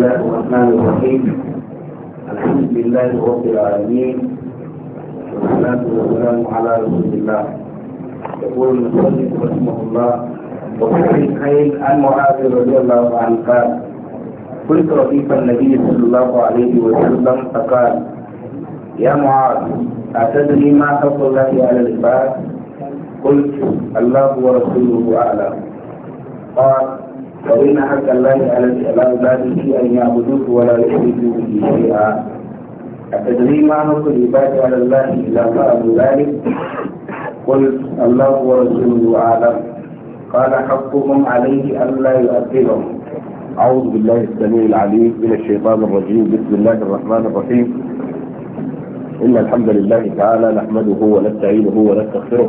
الله الرحمن الرحيم الحمد لله رب العالمين والصلاة والسلام على رسول الله يقول المصلي رحمه الله وفي الصحيحين عن معاذ رضي الله عنه قال كنت رفيق النبي صلى الله عليه وسلم فقال يا معاذ أتدري ما حق الله على العباد قلت الله ورسوله أعلم قال فإن حق الله على في أن يعبدوه ولا يشركوا به شيئا أتدري ما نص العباد على الله إلا فعلوا ذلك قل الله ورسوله أعلم قال حقهم عليه ألا يؤثرهم أعوذ بالله السميع العليم من الشيطان الرجيم بسم الله الرحمن الرحيم إن الحمد لله تعالى نحمده ونستعينه ونستغفره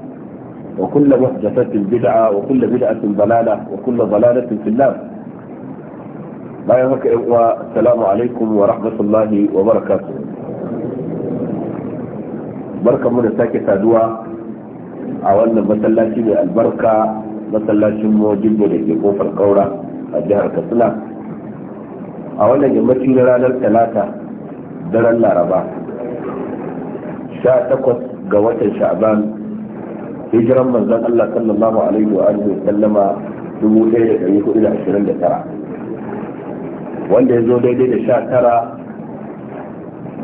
وكل محدثة بدعة وكل بدعة ضلالة وكل ضلالة في النار بارك السلام عليكم ورحمة الله وبركاته بركة من ساكي سادوة أولا مسلاتي البركة مسلاتي موجب لجيكو في القورة الجهر كسلة أولا جمتي لنا الثلاثة دلال العربة شاء تقص قوة شعبان hijiran manzan Allah sallallahu alaihi wa alihi wa sallama 1429 wanda ya zo daidai da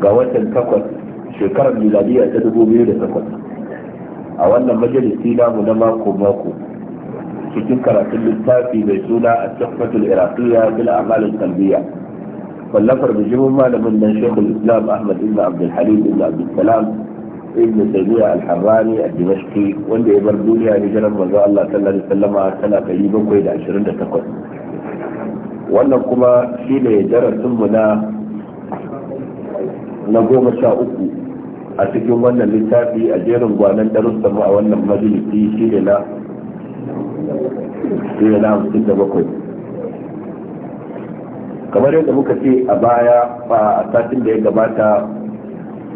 19 ga watan 8 shekarar miladiya ta 2008 a wannan majalisi namu na mako mako cikin karatun littafi mai suna a tsofatul iraqiyya bil a'malin talbiya wallafar bijimin malamin nan shekul islam ahmad ibn abdul halim ibn abdul salam ibn Sabiya al-harrani al-dimashqi wanda ya bar duniya ne jiran manzo Allah sallallahu alaihi wasallama tana takwas wannan kuma shine darasin mu na na goma sha uku a cikin wannan littafi a jerin gwanan darussan mu a wannan majalisi shine na shine na bakwai. kamar yadda muka ce a baya a satin da ya gabata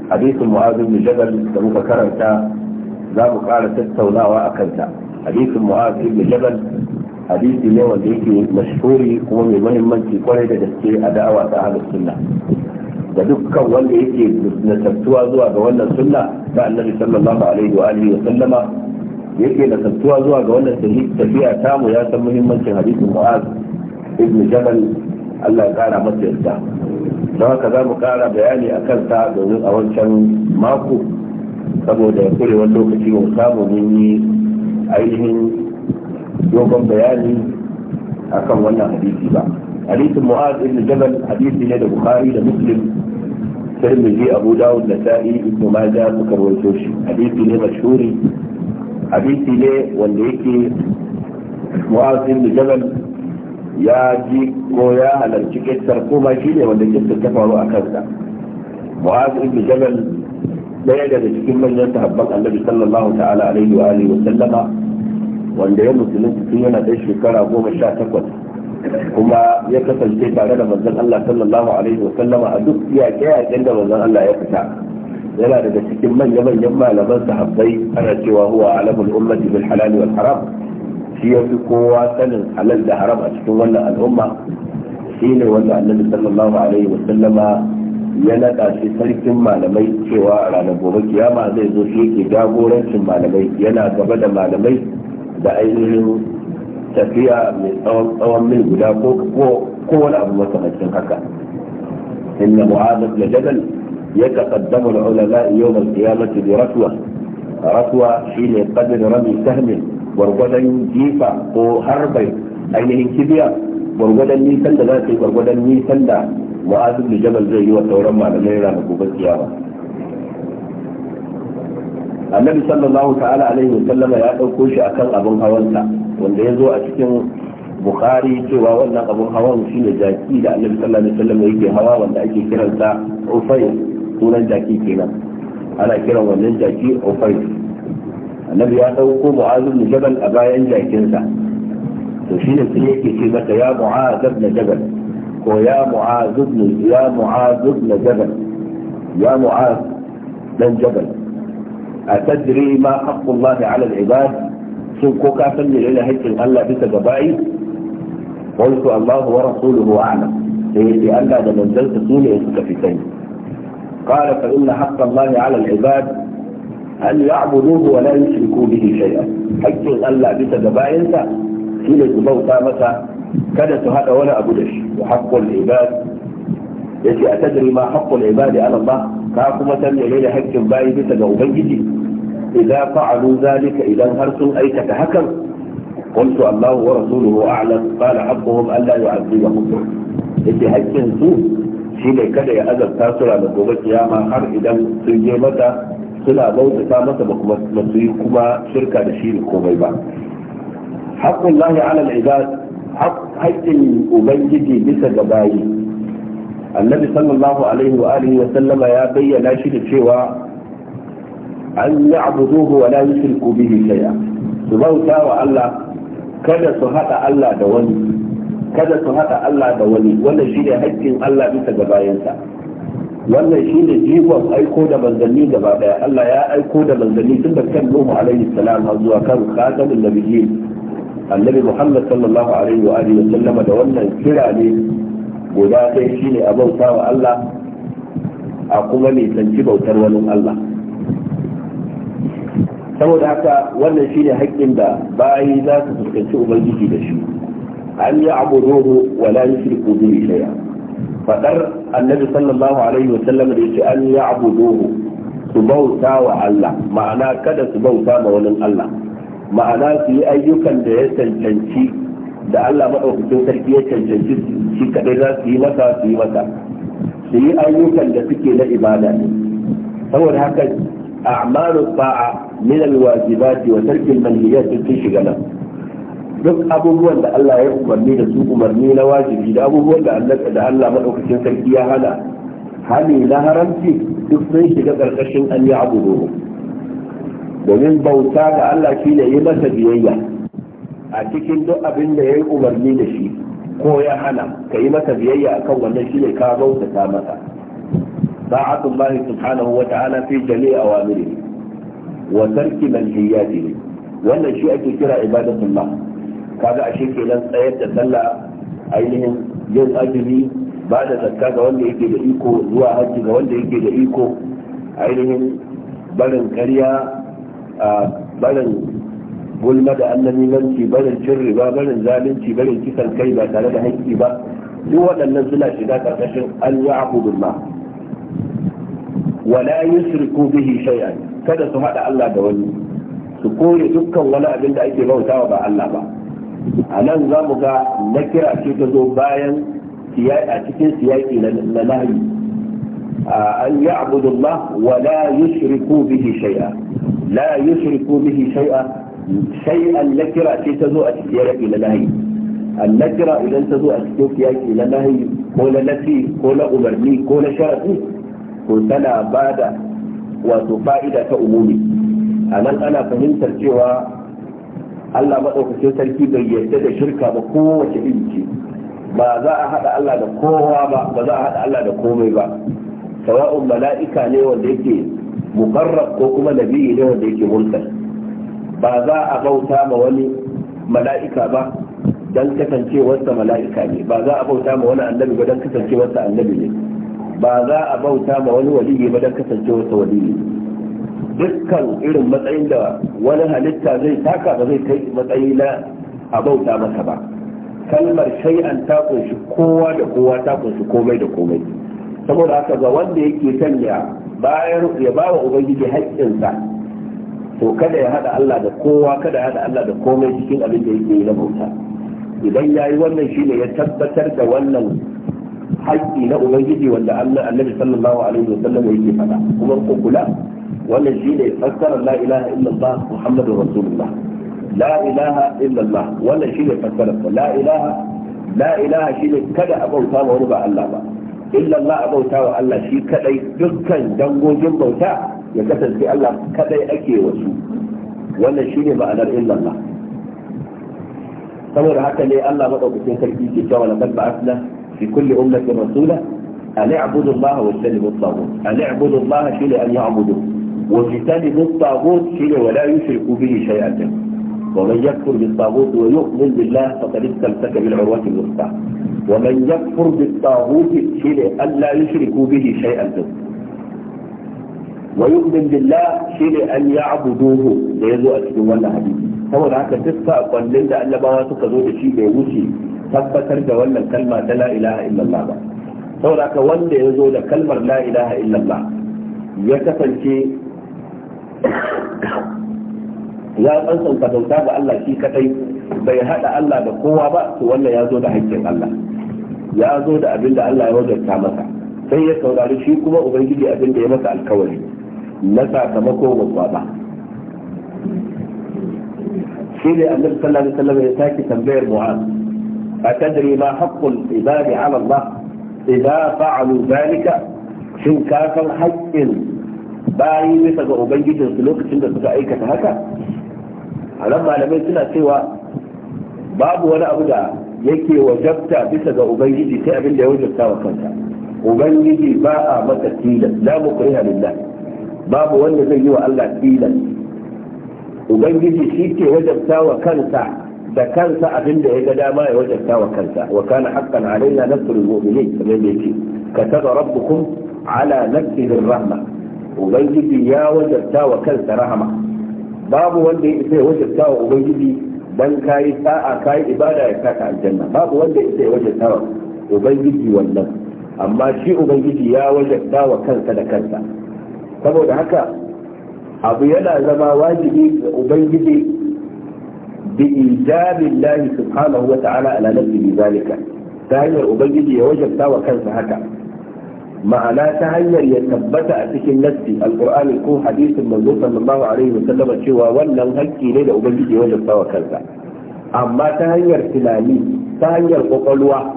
hadisin mu'azu bin jabal da muka karanta za mu ƙara tattaunawa a kanta hadisin mu'azu bin jabal hadisi ne wanda yake mashhuri kuma mai muhimmanci kwarai da gaske a da'awa ta ahlus sunna da dukkan wanda yake nasabtuwa zuwa ga wannan sunna ta annabi sallallahu alaihi wa alihi wa sallama yake nasabtuwa zuwa ga wannan tafiya tamu ya san muhimmancin hadisin mu'az ibn jabal Allah ya kara masa yarda don haka za mu kara bayani a kanta domin a wancan mako saboda kurewar lokaci mu samu mun yi ainihin dogon bayani akan wannan hadisi ba hadisin mu'az ibn jabal hadisi ne da bukhari da muslim tirmidhi abu dawud da sa'i ibn majah suka rawaito shi hadisi ne mashhuri hadisi ne wanda yake mu'az ibn jabal ya ji ko ya halarci kistar ko ba shi ne wanda kistar ta faru a kansa mu'az ibn jabal daya daga cikin manyan sahabban annabi sallallahu ta'ala alaihi wa alihi wa sallama wanda ya musulunci tun yana ɗan shekara goma sha takwas kuma ya kasance tare da manzon Allah sallallahu alaihi wa sallama a duk yaƙe-yaƙen da manzon Allah ya fita yana daga cikin manya-manyan malaman sahabbai ana cewa huwa alamul ummati bil halal wal haram shi ya fi kowa sanin halal da haram a cikin wannan al'umma shi ne wanda annabi sallallahu alaihi wa sallama ya naɗa shi sarkin malamai cewa a ranar gobe kiyama zai zo shi yake jagorancin malamai yana gaba da malamai da ainihin tafiya mai tsawon tsawon mil guda ko wani abu makamancin haka inna mu'adab da jabal ya taqaddamu al-ulama yawm al-qiyamati bi ratwa ratwa shine qadr rami sahmin gwargwadon jifa ko harbai ainihin kibiya gwargwadon nisan da za ta yi gwargwadon nisan da mu'azu da jabal zai yi wa sauran malamai rana ba kiyama annabi sallallahu ta'ala alaihi wasallama ya ɗauko shi akan abin hawansa wanda ya zo a cikin bukhari cewa wannan abin hawan shine jaki da annabi sallallahu alaihi wasallama yake hawa wanda ake kiransa ufai sunan jaki kenan ana kiran wannan jaki ufai annabi ya dauko mu'az bin jabal a bayan jakinsa to shi ne sai yake ce mata ya mu'az bin jabal ko ya mu'az bin ya mu'az bin jabal ya mu'az dan jabal a tadri ma haqqu Allah 'ala al-ibad shin ko ka san ne ne haƙƙin Allah bisa ga bayi qultu Allah wa rasuluhu a'lam sai yake Allah da manzansa su ne suka fi sani قال فإن حق الله على العباد an ya'buduhu wa la yushriku bihi shay'a haƙƙin Allah bisa ga bayansa shine su bauta masa kada su hada wani abu da shi wa haqqul ibad yace a tadri ma haqqul ibad ala Allah ka kuma san menene haƙƙin bayi bisa ga ubangiji idan fa'alu zalika idan har sun aikata hakan قلت الله ورسوله اعلم قال حقهم الا يعذبهم yake haƙƙin su shi ne kada ya azabta su ranar gobe kiyama har idan sun je suna bautata masa ba kuma su yi kuma shirka da shi komai ba haƙƙun lahi alal ibad haƙƙin ubangiji bisa ga bayi annabi sallallahu alaihi wa alihi wa sallama ya bayyana shi da cewa an ya'buduhu wa la yushriku bihi shay'a su bauta wa Allah kada su hada Allah da wani kada su hada Allah da wani wannan shine haƙƙin Allah bisa ga bayansa wannan shi ne jigon aiko da manzanni gaba daya Allah ya aiko da manzanni tun da kan Nuhu alaihi salam har zuwa kan khatamin nabiyyin annabi Muhammad sallallahu alaihi wa alihi sallama da wannan kira ne guda ɗaya shine a bauta wa Allah a kuma nisanci bautar wani Allah saboda haka wannan shine haƙƙin da bayi za su fuskanci ubangiji da shi an yi abu ruhu wala yushriku bihi shay'a Faɗar annabi sallallahu alaihi wa sallam da yace an ya'buduhu su bauta wa Allah ma'ana kada su bauta ma wani Allah ma'ana su yi ayyukan da ya cancanci da Allah madaukakin sarki ya cancanci shi kaɗai za su yi masa su yi masa su yi ayyukan da suke na ibada ne saboda haka a'malu ta'a min alwajibati wa tarkil manhiyat sun shiga nan duk abubuwan da Allah ya umarni da su umarni na wajibi da abubuwan da Allah da Allah madaukakin sarki ya hana hali na haramci duk sun shiga karkashin an yi abu domin bauta ga Allah shi ne yi masa biyayya a cikin duk abin da ya yi umarni da shi ko ya hana ka yi masa biyayya akan wannan shi ne ka bauta ta masa sa'atullahi subhanahu wa ta'ala fi jami'i awamiri wa tarki manhiyatihi wannan shi ake kira ibadatullah kaga ashe kenan tsayar da sallah ainihin yin azumi ba da zakka ga wanda yake da iko zuwa hajji ga wanda yake da iko ainihin barin karya a barin gulma da annamimanci barin cin riba barin zalunci barin kisan kai ba tare da haƙƙi ba duk waɗannan suna shiga ƙarƙashin an ya'budu billah wala yusriku bihi shay'an kada su hada Allah da wani su kore dukkan wani abin da ake bautawa ba Allah ba a nan za mu ga na kira ce ta zo bayan a cikin siyaki na nahi an yi abudullah wa la yushriku bihi shay'a la yushriku bihi shay'a shay'an na kira ce ta zo a cikin siyaki na nahi an na kira idan ta zo a cikin siyaki na nahi ko na nafi ko na umarni ko na sharafi ko tana bada wato fa'ida ta umumi a nan ana fahimtar cewa Allah maɗaukakin sarki bai yarda da shirka ba kowace iri ce ba za a haɗa Allah da kowa ba ba za a haɗa Allah da komai ba sawa'un mala'ika ne wanda yake mukarrab ko kuma nabi ne wanda yake mulkal ba za a bauta ma wani mala'ika ba dan kasancewarsa mala'ika ne ba za a bauta ma wani annabi ba dan kasancewarsa annabi ne ba za a bauta ma wani waliyi ba dan kasancewarsa waliyi ne dukkan irin matsayin da wani halitta zai taka ba zai kai matsayi na a bauta masa ba kalmar shay'an ta kunshi kowa da kowa ta kunshi komai da komai saboda haka ga wanda yake son ya bayar ya ba wa ubangiji haƙƙinsa to kada ya hada Allah da kowa kada ya hada Allah da komai cikin abin da yake yi na bauta idan ya yi wannan shine ya tabbatar da wannan haƙƙi na ubangiji wanda Allah annabi sallallahu alaihi wasallam yake faɗa kuma ku kula wannan shi ne fassarar la ilaha illallah muhammadur rasulullah la ilaha illallah wannan shi ne fassarar la ilaha la ilaha shi ne kada a bauta ma wani ba Allah ba illallah a bauta wa Allah shi kadai dukkan dangogin bauta ya kasance Allah kadai ake wasu wannan shi ne ma'anar illallah saboda haka ne Allah madaukakin sarki ke cewa laqad ba'athna fi kulli ummatin rasula an ya'budu Allah wa yajtanibu at-taghut an ya'budu Allah shi ne an ya'budu واجتنبوا الطاغوت شيء ولا يشركوا به شيئا ومن يكفر بالطاغوت ويؤمن بالله فقد استمسك بالعروة الوثقى ومن يكفر بالطاغوت شيء ألا يشركوا به شيئا ويؤمن بالله شيء أن يعبدوه ليزو أشدو ولا حديث هو العكا تسكى أقلل ده ألا بها تقضوا شيء بيوشي tabbatar da كلمة لا إله إلا الله هو العكا saboda haka لكلمة لا إله إلا الله la شيء ya san sauka dauta ga Allah shi kadai bai hada Allah da kowa ba to wannan ya zo da haƙƙin Allah ya zo da abin da Allah ya wajarta masa sai ya saurari shi kuma ubangiji abin da ya masa alkawari na sakamako babba ba shi ne annabi sallallahu alaihi wasallam ya saki tambayar mu'az atadri ma haqqul ibadi ala Allah idza fa'alu dhalika shin ka san haƙƙin bayi bisa ga ubangijinsu lokacin da suka aikata haka a nan malamai suna cewa babu wani abu da yake wajabta bisa ga ubangiji sai abin da ya wajabta wa kanta ubangiji ba a masa tilas la mukriha lillah babu wanda zai yi wa Allah tilas ubangiji shi ke wajabta wa kansa da kansa abin da ya ga dama ya wajabta wa kansa wa kana haqqan alaina nasrul mu'minin kamar yake kataba rabbukum ala nafsihi rahma ubangiji ya wajarta wa kansa rahama babu wanda ya isa ya wajarta wa ubangiji dan kayi sa'a kayi ibada ya saka aljanna babu wanda ya isa ya wajarta wa ubangiji wannan amma shi ubangiji ya wajarta wa kansa da kansa saboda haka abu yana zama wajibi ga ubangiji bi lahi subhanahu wa ta'ala ala nafsihi zalika ta hanyar ubangiji ya wajabta wa kansa haka ma'ana ta hanyar ya tabbata a cikin nassi alqur'ani ko hadisin manzo sallallahu alaihi wasallam cewa wannan hakki ne da ubangiji ya wajabta wa kansa amma ta hanyar tunani ta hanyar kwakwalwa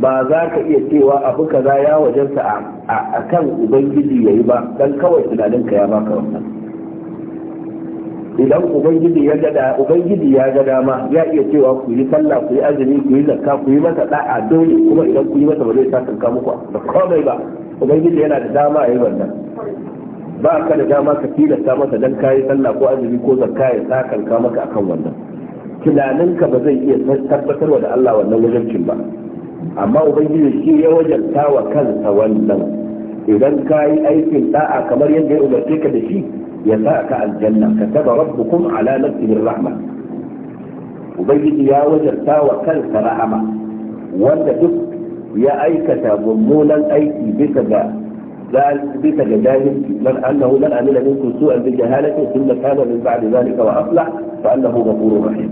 ba za ka iya cewa abu kaza ya wajensa a kan ubangiji yayi ba dan kawai tunaninka ya baka wannan idan ubangiji ya gada ubangiji ya ga dama ya iya cewa ku yi sallah ku yi azumi ku yi zakka ku yi masa da'a dole kuma idan ku yi masa ba zai sakanka muku da komai ba ubangiji yana da dama a yi wannan ba ka da dama ka tilasta masa dan kayi sallah ko azumi ko zakka ya sakanka maka akan wannan tunaninka ba zai iya tabbatarwa da Allah wannan wajencin ba amma ubangiji shi ya wajalta wa kansa wannan idan ka yi aikin da'a kamar yadda ya umarce ka da shi ya sa ka aljanna ka taba rabbukum ala nafsihi rahma ubangiji ya wajarta wa kansa rahama wanda duk ya aikata mummunan aiki bisa ga bisa ga jahilci man annahu lan amila minkum su'an bi jahalatin thumma taba min ba'di dhalika wa aslah fa annahu ghafurur rahim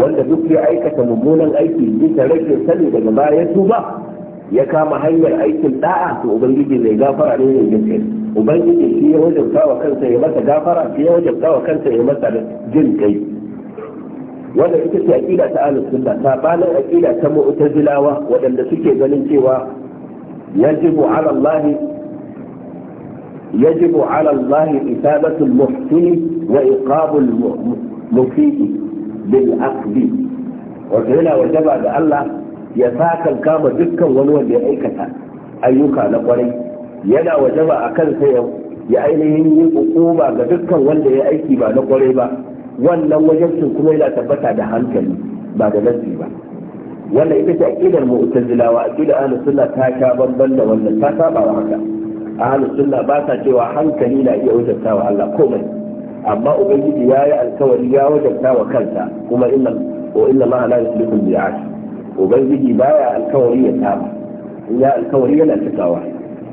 wanda duk ya aikata mummunan aiki bisa rage sani daga baya tuba ya kama hanyar aikin da'a to ubangiji mai gafara ne mai jinkai ubangiji shi ya wajabta wa kansa ya masa gafara shi ya wajabta wa kansa ya masa jinkai wanda ita ce aqida ta ahlus sunna sabanin aqida ta mu'tazilawa waɗanda suke ganin cewa yajibu ala Allah yajibu ala Allah isabatu al-muhsin wa iqabu al-mufid bil aqdi wato yana wajaba da Allah ya sakan kama dukkan wani wanda ya aikata ayyuka na kwarai yana wajaba a kansa ya ainihin yi hukuma ga dukkan wanda ya aiki ba na kwarai ba wannan cin kuma yana tabbata da hankali ba da nasi ba wannan ita ce aqidar mu'tazilawa akidar ahlus sunna ta ta banban da wannan ta saba wa haka ahlus sunna ba ta cewa hankali na iya wajenta wa Allah komai amma ubangiji ya yi alkawari ya wajenta wa kansa kuma inna wa inna ma la yuslihu bi'ash ubangiji baya alkawari ya saba in ya alkawari yana cikawa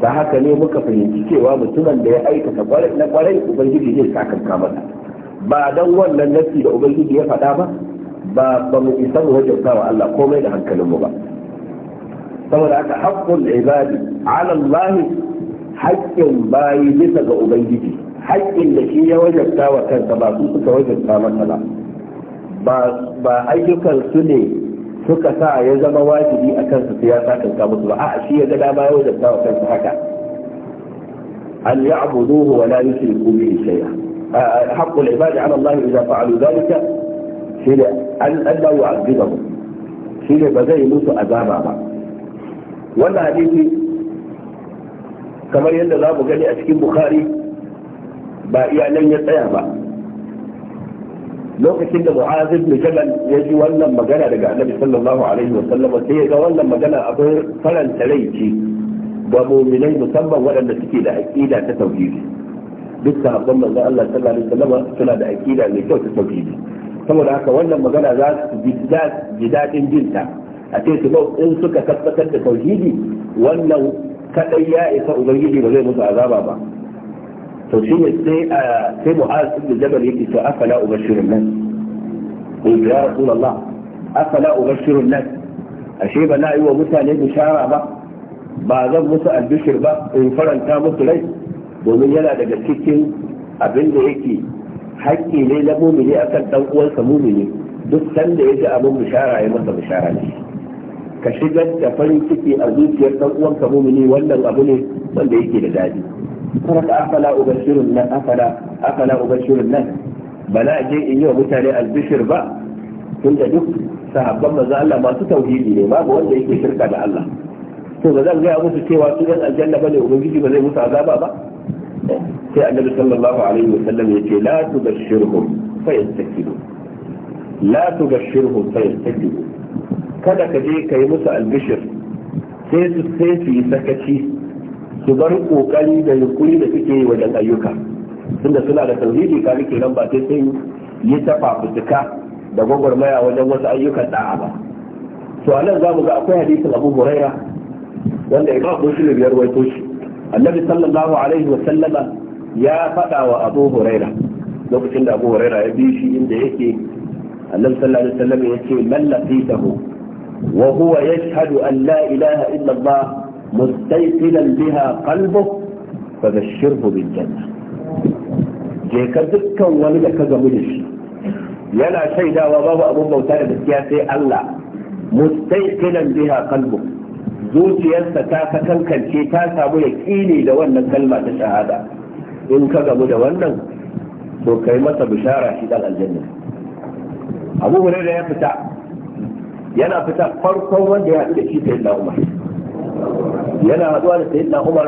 ta haka ne muka fahimci cewa mutumin da ya aikata na kwarai ubangiji zai sakamka masa ba don wannan nasi da ubangiji ya faɗa ba ba ba mu isa mu wajen wa Allah komai da hankalinmu ba saboda haka haqqul ibadi ala Allah haƙƙin bayi bisa ga ubangiji haƙƙin da shi ya wajen wa kansa ba su suka wajen masa ba ba ayyukan su ne suka sa ya zama wajibi a kansu su ya sa kanka musu ba a shi ya ga dama ya wajen sa kansu haka an ya'buduhu wa la yushriku bihi shay'a haqqul ibadi ala Allah idza fa'alu dhalika shi ne an Allah yu'azibahu shi ne ba zai musu azaba ba wannan hadisi kamar yadda za mu gani a cikin bukhari ba iyalan ya tsaya ba lokacin da mu'az ibn jabal ya ji wannan magana daga annabi sallallahu alaihi wa sallam sai ya ga wannan magana akwai faranta rai ce ga mu'minai musamman waɗanda suke da aqida ta tauhidi duk sahabban manzon Allah sallallahu alaihi wa sallam suna da aqida mai kyau ta tauhidi saboda haka wannan magana za su ji daɗin jin ta a ce su in suka tabbatar da tauhidi wannan kadai ya isa ubangiji ba zai musu azaba ba to shi ne sai a sai mu'az ibn jabal yake to afala ubashirun nas qul ya rasulullah afala ubashirun nan. ashe ba na yi wa mutane bishara ba ba zan musu albishir ba in faranta musu rai domin yana daga cikin abin da yake haƙƙi ne na mumini akan dan uwansa mumini duk sanda ya ji abin bishara ya masa bishara ne ka shigar da farin ciki a zuciyar dan uwanka mumini wannan abu ne wanda yake da daɗi saraka afala ubashirun nan afala afala ubashirun nan ba bala je in yi wa mutane albishir ba tun da duk sahabban manzo Allah masu tauhidi ne babu wanda yake shirka da Allah to ba zan gaya musu cewa su yan aljanna ba bane ubangiji ba zai musu azaba ba sai annabi sallallahu alaihi wasallam yace la tubashshirhum fa yastakilu la tubashshirhum fa yastakilu kada ka je kai musu albishir sai su sai su yi sakaci su bar kokari da yunkuri da suke yi wajen ayyuka tunda suna da tauhidi ka rike nan ba sai sun yi ta fafutuka da gwagwarmaya wajen wasu ayyukan da'a ba to anan za mu ga akwai hadisin abu huraira wanda imam muslim ya rawaito shi annabi sallallahu alaihi wa sallama ya faɗa wa abu huraira lokacin da abu huraira ya bi shi inda yake annabi sallallahu alaihi wa sallam ya ce man lafitahu wa huwa yashhadu an la ilaha illa مستيقنا بها قلبه فبشره بالجنة جيكا دكا ولدك جميلش يلا شيدا وبابا أبو موتانا بسياسي الله مستيقنا بها قلبه zuciyarsa ta kakankance ta samu ya kine da wannan kalma ta shahada in ka gamu da wannan to kai masa bishara shi dan aljanna abu hurairah ya fita yana fita farkon wanda ya haɗu da shi da umar yana haɗuwa da sayyidina umar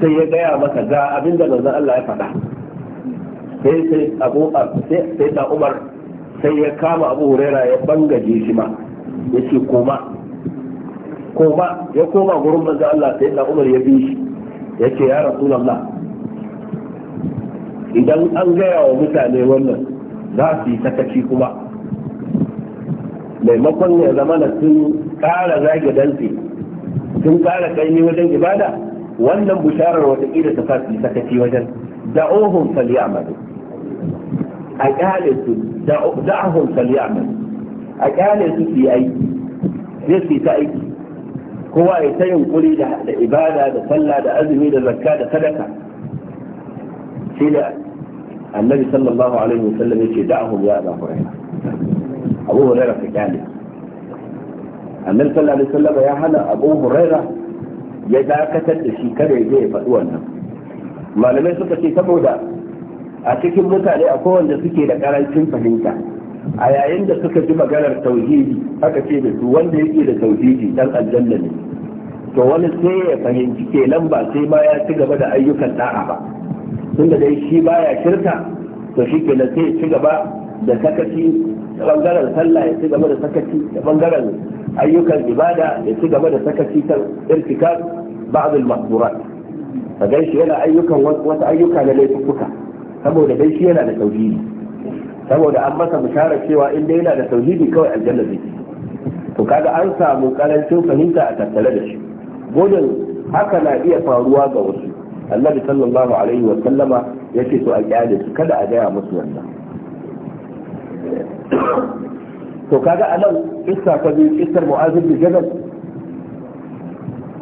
sai ya gaya masa ga abin da manzon Allah ya faɗa sai sai abu sayyidina umar sai ya kama abu huraira ya bangaje shi ma ya ce koma koma ya koma gurin manzon Allah sayyidina umar ya bi shi ya ce ya rasulullah idan an gaya wa mutane wannan za su yi sakaci kuma maimakon ya zama na sun ƙara zage dantse sun ƙara ƙaimi wajen ibada wannan bisharar watakila ta fasi sakaci wajen da'ohun falyamalu a ƙyale su da'ohun falyamalu a ƙyale su su yi aiki zai su ta aiki kowa ya ta yunkuri da ibada da sallah da azumi da zakka da sadaka sai da annabi sallallahu alaihi wasallam ya ce da'ahum ya abu hurairah abu hurairah ka ƙyale annabi sallallahu alaihi wasallam ya hana abu huraira ya dakatar da shi kada ya je ya faɗi wannan malamai suka ce saboda a cikin mutane a wanda suke da karancin fahimta a yayin da suka ji maganar tauhidi aka ce da su wanda yake da tauhidi dan aljanna ne to wani sai ya fahimci kenan ba sai ba ya ci gaba da ayyukan da'a ba tunda dai shi baya shirka to shi kenan sai ya ci gaba da sakaci da bangaren sallah ya ci gaba da sakaci da bangaren ayyukan ibada ya ci gaba da sakaci ta irtikab ba'd al-mahdurat ka dai shi yana ayyukan wasu ayyuka na laifuka saboda dai shi yana da tauhidi saboda an masa bishara cewa in dai yana da tauhidi kawai aljanna zai to kaga an samu karancin fahimta a tattare da shi godin haka na iya faruwa ga wasu annabi sallallahu alaihi wa sallama yake so a kyale su kada a gaya musu wannan to kaga a nan kissa ta biyu kissar mu'azin bin jabal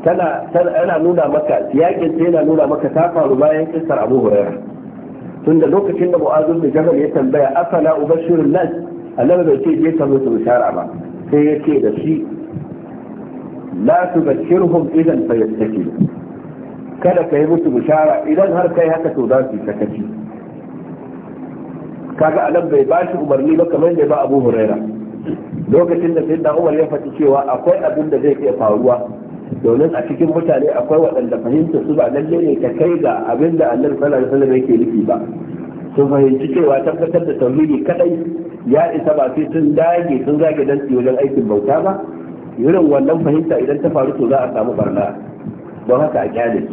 tana tana nuna maka yakin ta yana nuna maka ta faru bayan isar abu huraira tunda lokacin da mu'azin bin jabal ya tambaya afala ubashirun nas annabi bai ce je ka musu bishara ba sai ya ce da shi la tubashirhum idan fayastakilu kada ka yi musu bishara idan har kai haka to za su yi sakaci kaga a nan bai bashi umarni ba kamar da ba abu huraira lokacin da sai da Umar ya faɗi cewa akwai abin da zai iya faruwa domin a cikin mutane akwai waɗanda fahimta su ba lalle ne ka kai ga abin da Allah sallallahu alaihi wasallam yake nufi ba sun fahimci cewa tabbatar da tauhidi kadai ya isa ba sai sun dage sun zage dan wajen aikin bauta ba irin wannan fahimta idan ta faru to za a samu barna don haka a kyale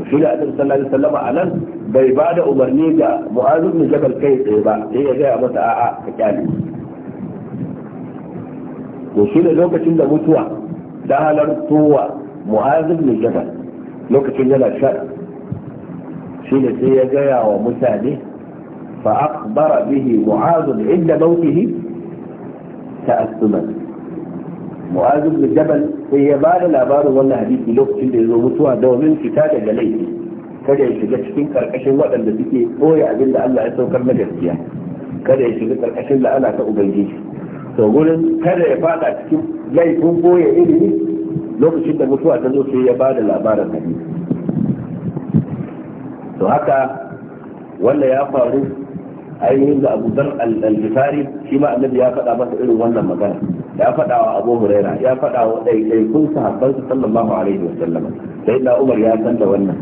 su shi da adam sallallahu alaihi wasallam a nan bai ba da umarni ga mu'azu jabal kai tsaye ba sai ya gaya masa a'a ka kyale to shi ne lokacin da mutuwa da halartowa mu'azin mai jabal lokacin yana sha shi ne sai ya gaya wa mutane fa akbara bihi mu'azin inda mautihi ta'assuman mu'azin mai jabal sai ya bada labarin wannan hadisi lokacin da ya zo mutuwa domin fita daga laifi kada ya shiga cikin karkashin waɗanda suke ɓoye abin da Allah ya saukar na gaskiya kada ya shiga karkashin la'ana ta ubangiji to gurin kada ya fada cikin laifin boye ilimi lokacin da mutuwa ta zo sai ya ba da labarin hadisi to haka wanda ya faru ainihin da abu dar al-ghifari shi ma annabi ya faɗa masa irin wannan magana ya faɗa wa abu huraira ya faɗa wa ɗaiɗaikun sahabbansa sallallahu alaihi wa sallama sai da umar ya san da wannan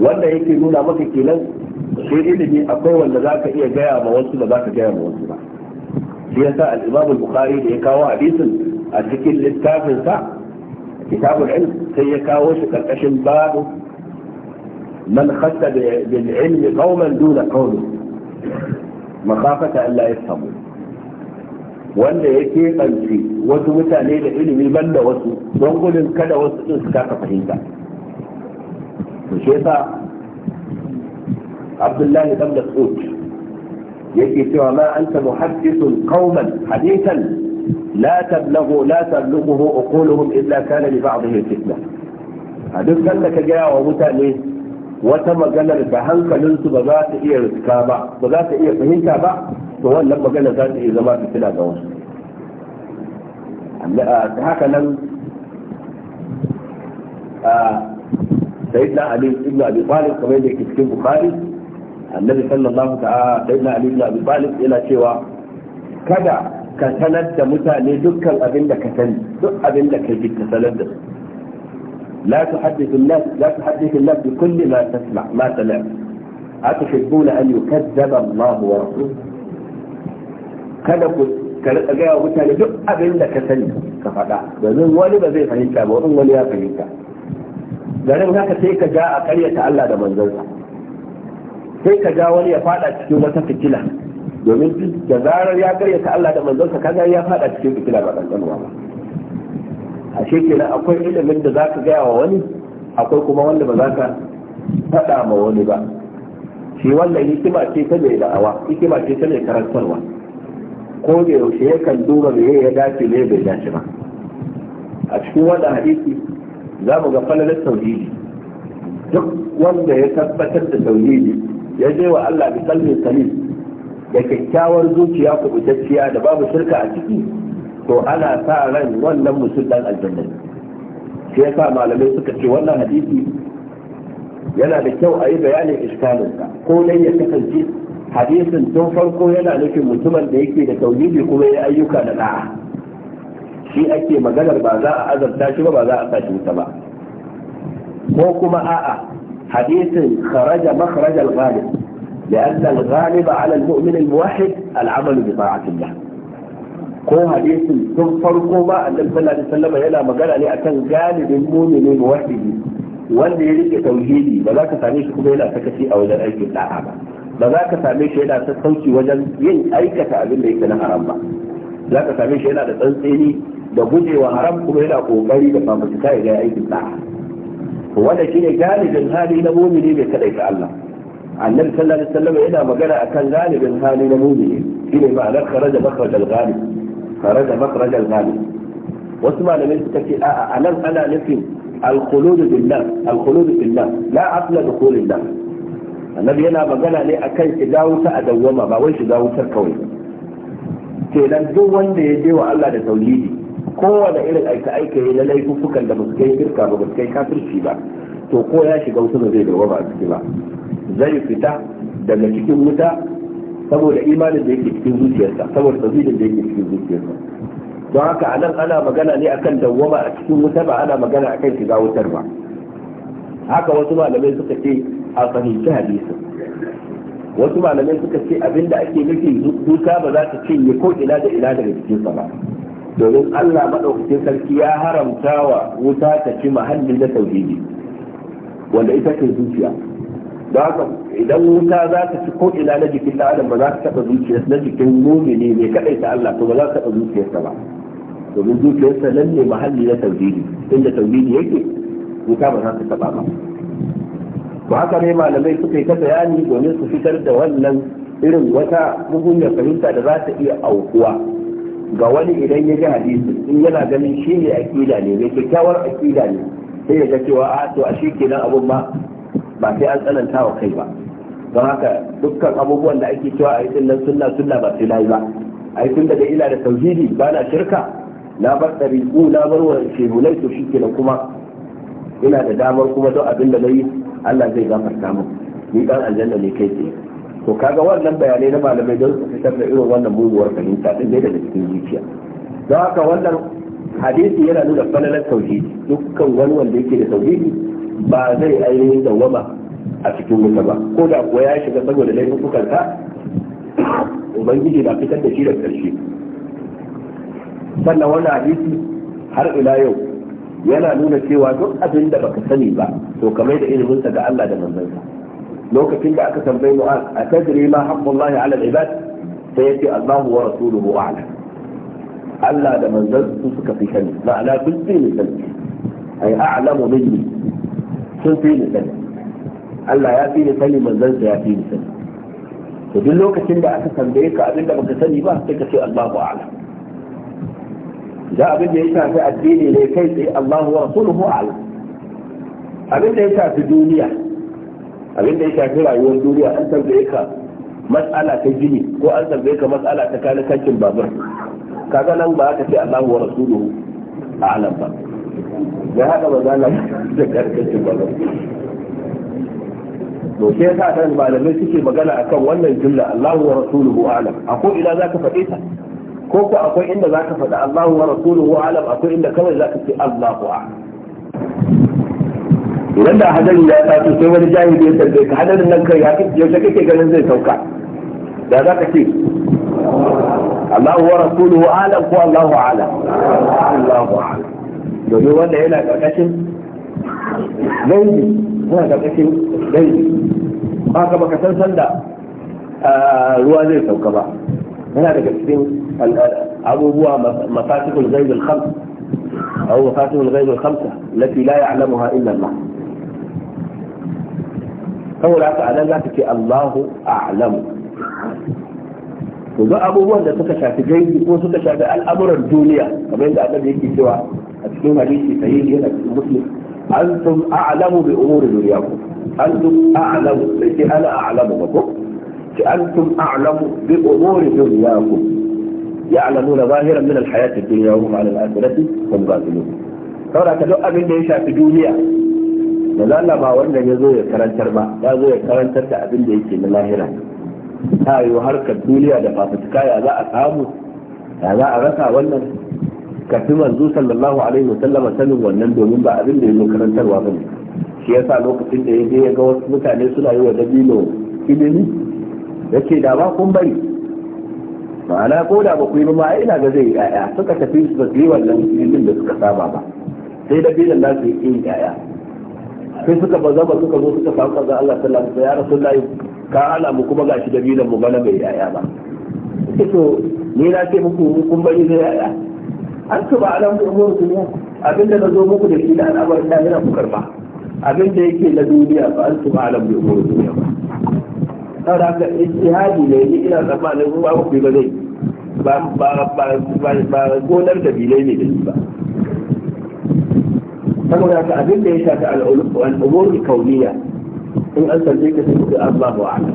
wanda yake nuna maka kenan sai ilimi akwai wanda za ka iya gaya ma wasu da za ka gaya ma wasu ba shi yasa al-imam al-bukhari da ya kawo hadisin a cikin littafin sa kitabul ilm sai ya kawo shi karkashin babu man khassa bil ilmi qauman duna qaumi makhafata an la yafhamu wanda ya keɓance wasu mutane da ilimi da wasu don gudun kada wasu din su kasa fahimta to shi yasa abdullahi dan mas'ud yake cewa ma anta muhaddithun qauman hadithan la tablaghu la tablughu uquluhum illa kana li ba'dihim fitna a duk sanda ka gaya wa mutane wata maganar da hankalinsu ba za ta iya riska ba ba za ta iya fahimta ba to wannan maganar za ta iya zama fitina ga wasu ta haka nan sai na ali ibn abi talib kamar da yake cikin bukhari annabi sallallahu ta'ala sayyidina ali ibn abi talib yana cewa kada ka sanar da mutane dukkan abin da ka sani duk abin da kai ka sanar da su la tuhaddithu an-nas la tuhaddithu an-nas bi kulli ma tasma ma sami'a atuhibbuna an yukazzaba Allah wa rasuluhu kada ku ka rika gaya mutane duk abin da ka sani ka faɗa domin wani ba zai fahimta ba wani wani ya fahimta garin haka sai ka ja a karyata Allah da manzansa sai ka ja wani ya fada cikin wata fitila domin da zarar ya gayyata Allah da manzonsa kaga ya fada cikin fitila ba kankanuwa ba a shekina akwai ilimin da za ka gaya wa wani akwai kuma wanda ba za ka fada ma wani ba shi wannan hikima ce ta mai da'awa hikima ce ta mai karantarwa ko da yaushe yakan duba me ya dace ne bai dace ba a cikin wannan hadisi za mu ga falalar tauhidi duk wanda ya tabbatar da tauhidi ya je wa Allah bi kalmin salim da kyakkyawar zuciya kubutacciya da babu shirka a ciki to ana sa ran wannan musulman aljanna shi yasa malamai suka ce wannan hadisi yana da kyau a yi bayanin iskalinsa ko dai ya kasance hadisin tun farko yana nufin mutumin da yake da tauhidi kuma ya ayyuka da da'a shi ake maganar ba za a azabta shi ba ba za a sa shi ba ko kuma a'a حديث خرج مخرج الغالب لأن الغالب على المؤمن الموحد العمل بطاعة الله ko hadisin tun farko ba annabi sallallahu alaihi wasallam yana magana ne akan galibin mu'minin wahidi wanda ya rike tauhidi ba za ka same shi kuma yana sakaci a wajen aikin da'a ba ba za ka same shi yana sassauci wajen yin aikata abin da yake na haram ba za ka same shi yana da tsantseni da gujewa haram kuma yana kokari da fafutuka ya ga aikin da'a wanda shine galibin hali na mumini bai kadai ta Allah annabi sallallahu alaihi wasallam yana magana akan galibin hali na mumini ne. ma'anar kharaja makhraj al-ghalib kharaja makhraj al wasu malamai suka ce a'a nan ana nufin al-khulud billah al-khulud billah la asla dukhul nan annabi yana magana ne akan shiga wuta a dawwama ba wai shiga wutar kawai kenan duk wanda ya je wa Allah da tauhidi kowane irin aika aika na laifukan da musu kai shirka ba musu kai kafirci ba to ko ya shiga wasu ba zai da ba a ciki ba zai fita daga cikin wuta saboda imanin da yake cikin zuciyarsa saboda tauhidin da yake cikin zuciyarsa don haka a nan ana magana ne akan dawwama a cikin wuta ba ana magana akan shiga wutar ba haka wasu malamai suka ce a fahimci hadisin wasu malamai suka ce abinda ake nufi duka ba za ta cinye ko ina da ina daga cikinsa ba domin Allah maɗaukacin sarki ya haramta wa wuta ta ci mahallin na tauhidi wanda ita ce zuciya da idan wuta za ta ci ko'ina na jikin ɗan adam ba za ta taɓa zuciyarsa na jikin mumini ne kaɗai ta Allah to ba za ta taɓa zuciyarsa ba domin zuciyarsa nan ne mahalli na tauhidi inda tauhidi yake wuta ba za ta taɓa ba Ba haka ne malamai suka yi ta bayani domin su fitar da wannan irin wata mugunyar fahimta da za ta iya aukuwa ga wani idan ya ji hadisi in yana ganin shi ne akida ne mai kyakkyawar akida ne sai ya ga cewa a ah, to a shi kenan abun ba ba sai an tsananta wa kai ba don haka dukkan abubuwan da ake cewa a yi nan sunna sunna ba sai layi ba a yi tunda da ina da tauhidi ba na shirka na bar ɗariƙu na bar wa shehunai to shi kenan kuma ina da damar kuma don abin da na yi Allah zai gafarta min ni ɗan aljanna ne kai tsaye to kaga wannan bayanai na malamai don su fitar da irin wannan muguwar fahimta din dai daga cikin zuciya don haka wannan hadisi yana nuna falalar tauhidi dukkan wani wanda yake da tauhidi ba zai ainihin dawwama a cikin wuta ba ko da kuwa ya shiga saboda laifin kukanta ubangiji na fitar da shi da karshe sannan wannan hadisi har ila yau yana nuna cewa duk abin da baka sani ba to kamar da iliminsa ga Allah da manzansa لوكتين ده اكثر بينه قال اتدري ما حق الله على العباد فيأتي الله ورسوله اعلم الا ده من ذلك في كلمة لا لا بالدين ذلك اي اعلم مني شو فيني ذلك الا يا فيني ثاني من ذلك يا فيني ثاني فدي لوكتين ده اكثر بينك قبل ده مكتني ما تكتي الله اعلم ده قبل ده يشعر في الدين ليكيتي الله ورسوله اعلم قبل ده يشعر في الدنيا abin da ya shafi rayuwar duniya an tambaye ka mas'ala ta gini ko an tambaye ka mas'ala ta kani kakin babur kaga nan ba ka ce Allahu wa rasuluhu a'lam ba da haka ba za da karkashin babur to sai sa ta malamai suke magana akan wannan jumla Allahu wa rasuluhu a'lam akwai ina zaka faɗe ta ko ko akwai inda zaka faɗi Allahu wa rasuluhu a'lam akwai inda kawai zaka ce Allahu a'lam wanda a hadari ya taso sai wani jahili ya tambaye ka hadarin nan kai ya kike yaushe kake ganin zai sauka da za ka ce Allahu wa rasuluhu alam ko Allahu alam Allahu alam domin wanda yana karkashin gaibi yana karkashin gaibi ba ka baka san sanda ruwa zai sauka ba yana daga cikin abubuwa mafatikul gaibi al-khams أو مفاتيح الغيب الخمسة التي لا يعلمها إلا الله saboda haka a nan za ta ce Allahu a'lamu yanzu abubuwan da suka shafi gaibi ko suka shafi al'amuran duniya kamar yadda annabi yake cewa a cikin hadisi sahihi yana cikin muslim antum a'lamu bi umuri dunyakum antum a'lamu sai ce ana a'lamu ba ko ce antum a'lamu bi umuri dunyakum ya'lamuna zahiran min al-hayati ad-dunya wa hum 'ala al-akhirati hum ghafilun saboda ka duk abin da ya shafi duniya da Allah ba wanda ya zo ya karantar ba ya zo ya karantar da abin da yake na lahira ta yi harkar duniya da fafutuka ya za a samu ya za a rasa wannan kafin manzo sallallahu alaihi wa sallama sanin wannan domin ba abin da ya zo karantarwa ba ne shi yasa lokacin da ya je ya ga wasu mutane suna yi wa dabino ilimi ke da ba kun bari ma'ana ko da ba ku yi ba ina ga zai yi 'ya'ya suka tafi su ba su yi wannan ilimin da suka saba ba sai dabinan nasu yi 'ya'ya sai suka baza ba suka zo suka samu manzon Allah sallallahu alaihi wasallam ya rasulullahi ka ala mu kuma gashi da bilan mu bana bai yaya ba to ni na ce muku kun bari zai yaya an ce ba alam da umur duniya abinda na zo muku da shi da al'amarin da yana ku karba da yake na duniya ba an ba alam da umur duniya ba saboda haka ijtihadi ne ni ina tsammanin ba ku ba zai ba ba ba ba gonar da bilai ne da shi ba saboda haka abin da ya shafi al'umur kauniya in an sanje ka sai da Allah wa ala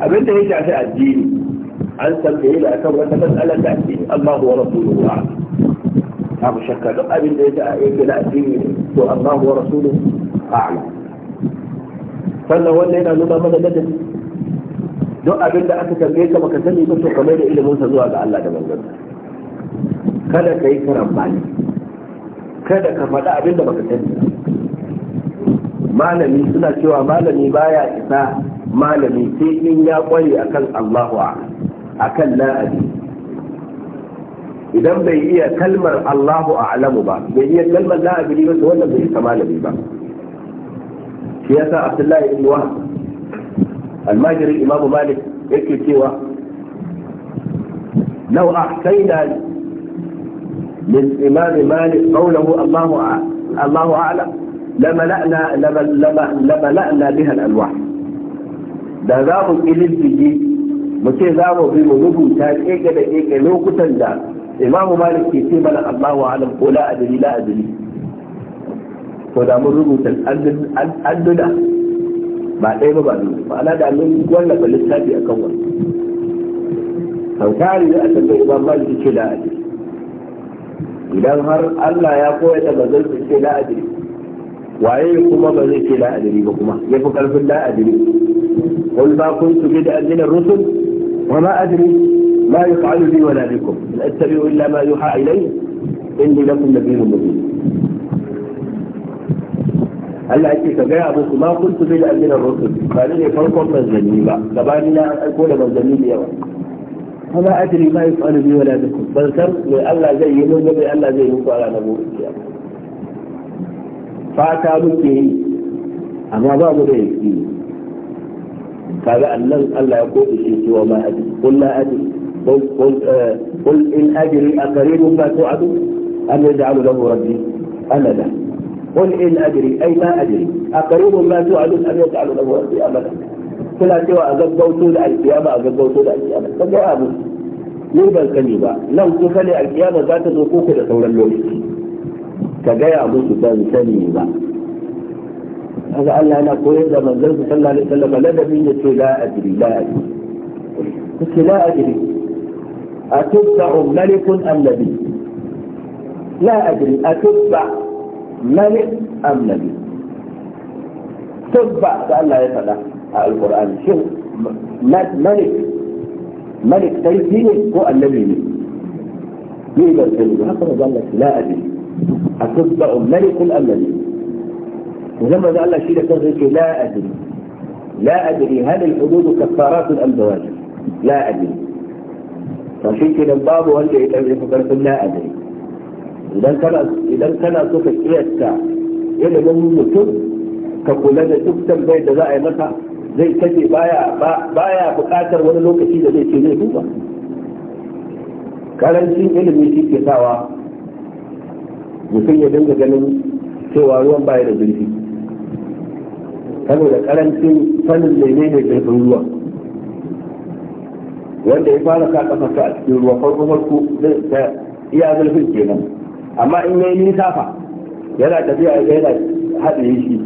abin da ya shafi addini an sanje da akan wata mas'ala ta addini Allah wa rasuluhu wa ala babu shakka duk abin da ya shafi da addini to Allah wa rasuluhu wa ala sannan wannan yana nuna mana ladabi duk abin da aka tambaye ka baka sani ba to kamar da ilimin sa zuwa ga Allah da manzon kada kai karambani kada ka faɗi abin da baka sani malami suna cewa malami baya isa malami sai in ya kware akan Allahu akan la'adi idan bai iya kalmar Allahu a'lamu ba bai iya kalmar la'adi ba to wannan bai isa malami ba shi sa Abdullahi ibn Wahab almajirin Imam Malik yake cewa law ahkayna من إمام مالك قوله الله الله أعلم لملأنا لملأنا بها الألواح da za mu ƙilintige mu za mu bi mu rubuta ƙeƙe da ƙeƙe lokutan da imamu malik ke ce mana Allahu alam ko la adri la da mun rubuta ba ɗaya ba ba biyu da mun wallafa littafi akan wani sautari ne a tambayi ba malik ke da ake idan har Allah ya koya da bazan su ce adiri waye kuma ba zai ce adiri ba kuma ya fi karfin adiri qul ba kuntu bi da'in ar-rusul wa ma adri ma yaf'alu bi wala bikum in attabi'u illa ma yuha ilayya inni lakum nabiyyun mubin Allah yake ka gaya musu ma kuntu bi da'in ar-rusul ba ne farkon manzanni ba gabanin an aiko da manzanni da yawa فما أدري ما يفعل بي ولا بكم بل كم من زينوا زي من النبي الله زي من قال أنا بكي أما باب ليكي قال أن ألا يقول شيء سوى ما أدري قل لا أدري قل, قل, آه قل إن أدري أقريب ما توعد أم يجعل له ربي أمدا قل إن أدري أي ما أدري أقريب ما توعد أم يجعل له ربي أمدا suna cewa a gaggauto da alkiyama a gaggauto da alkiyama ka ga abu ni ban sani ba nan kusa ne alkiyama za ta zo koko da sauran lokaci ka ga gaya musu ban sani ba kaga Allah yana koyar da manzon sallallahu alaihi wasallam ladabin yace la adri la adri kace la adri atubba malikun am nabi la adri atubba malik am tubba da Allah ya faɗa القرآن شوف ملك ملك تيسيني هو الذي لي ليه بسيني قال لك لا أدري أتبأ ملك الأمني ولما قال لك لا أدري لا أدري هل الحدود كفارات أم دواجه لا أدري فشي كده الباب وهل يتعلم فقالت لا أدري إذا كان إذا كان أصفك إيه الساعة إيه لهم كقول لنا تكتب بيت ذائع zai kace baya baya buƙatar wani lokaci da zai ce zai duba karancin ilimi shi ke sawa mutum ya dinga ganin cewa ruwan baya da zurfi saboda karancin sanin mene ne zurfin ruwa wanda ya fara sa kafarsa a cikin ruwa farko farko zai iya zurfin kenan amma in yayi nisa fa yana tafiya yana haɗe shi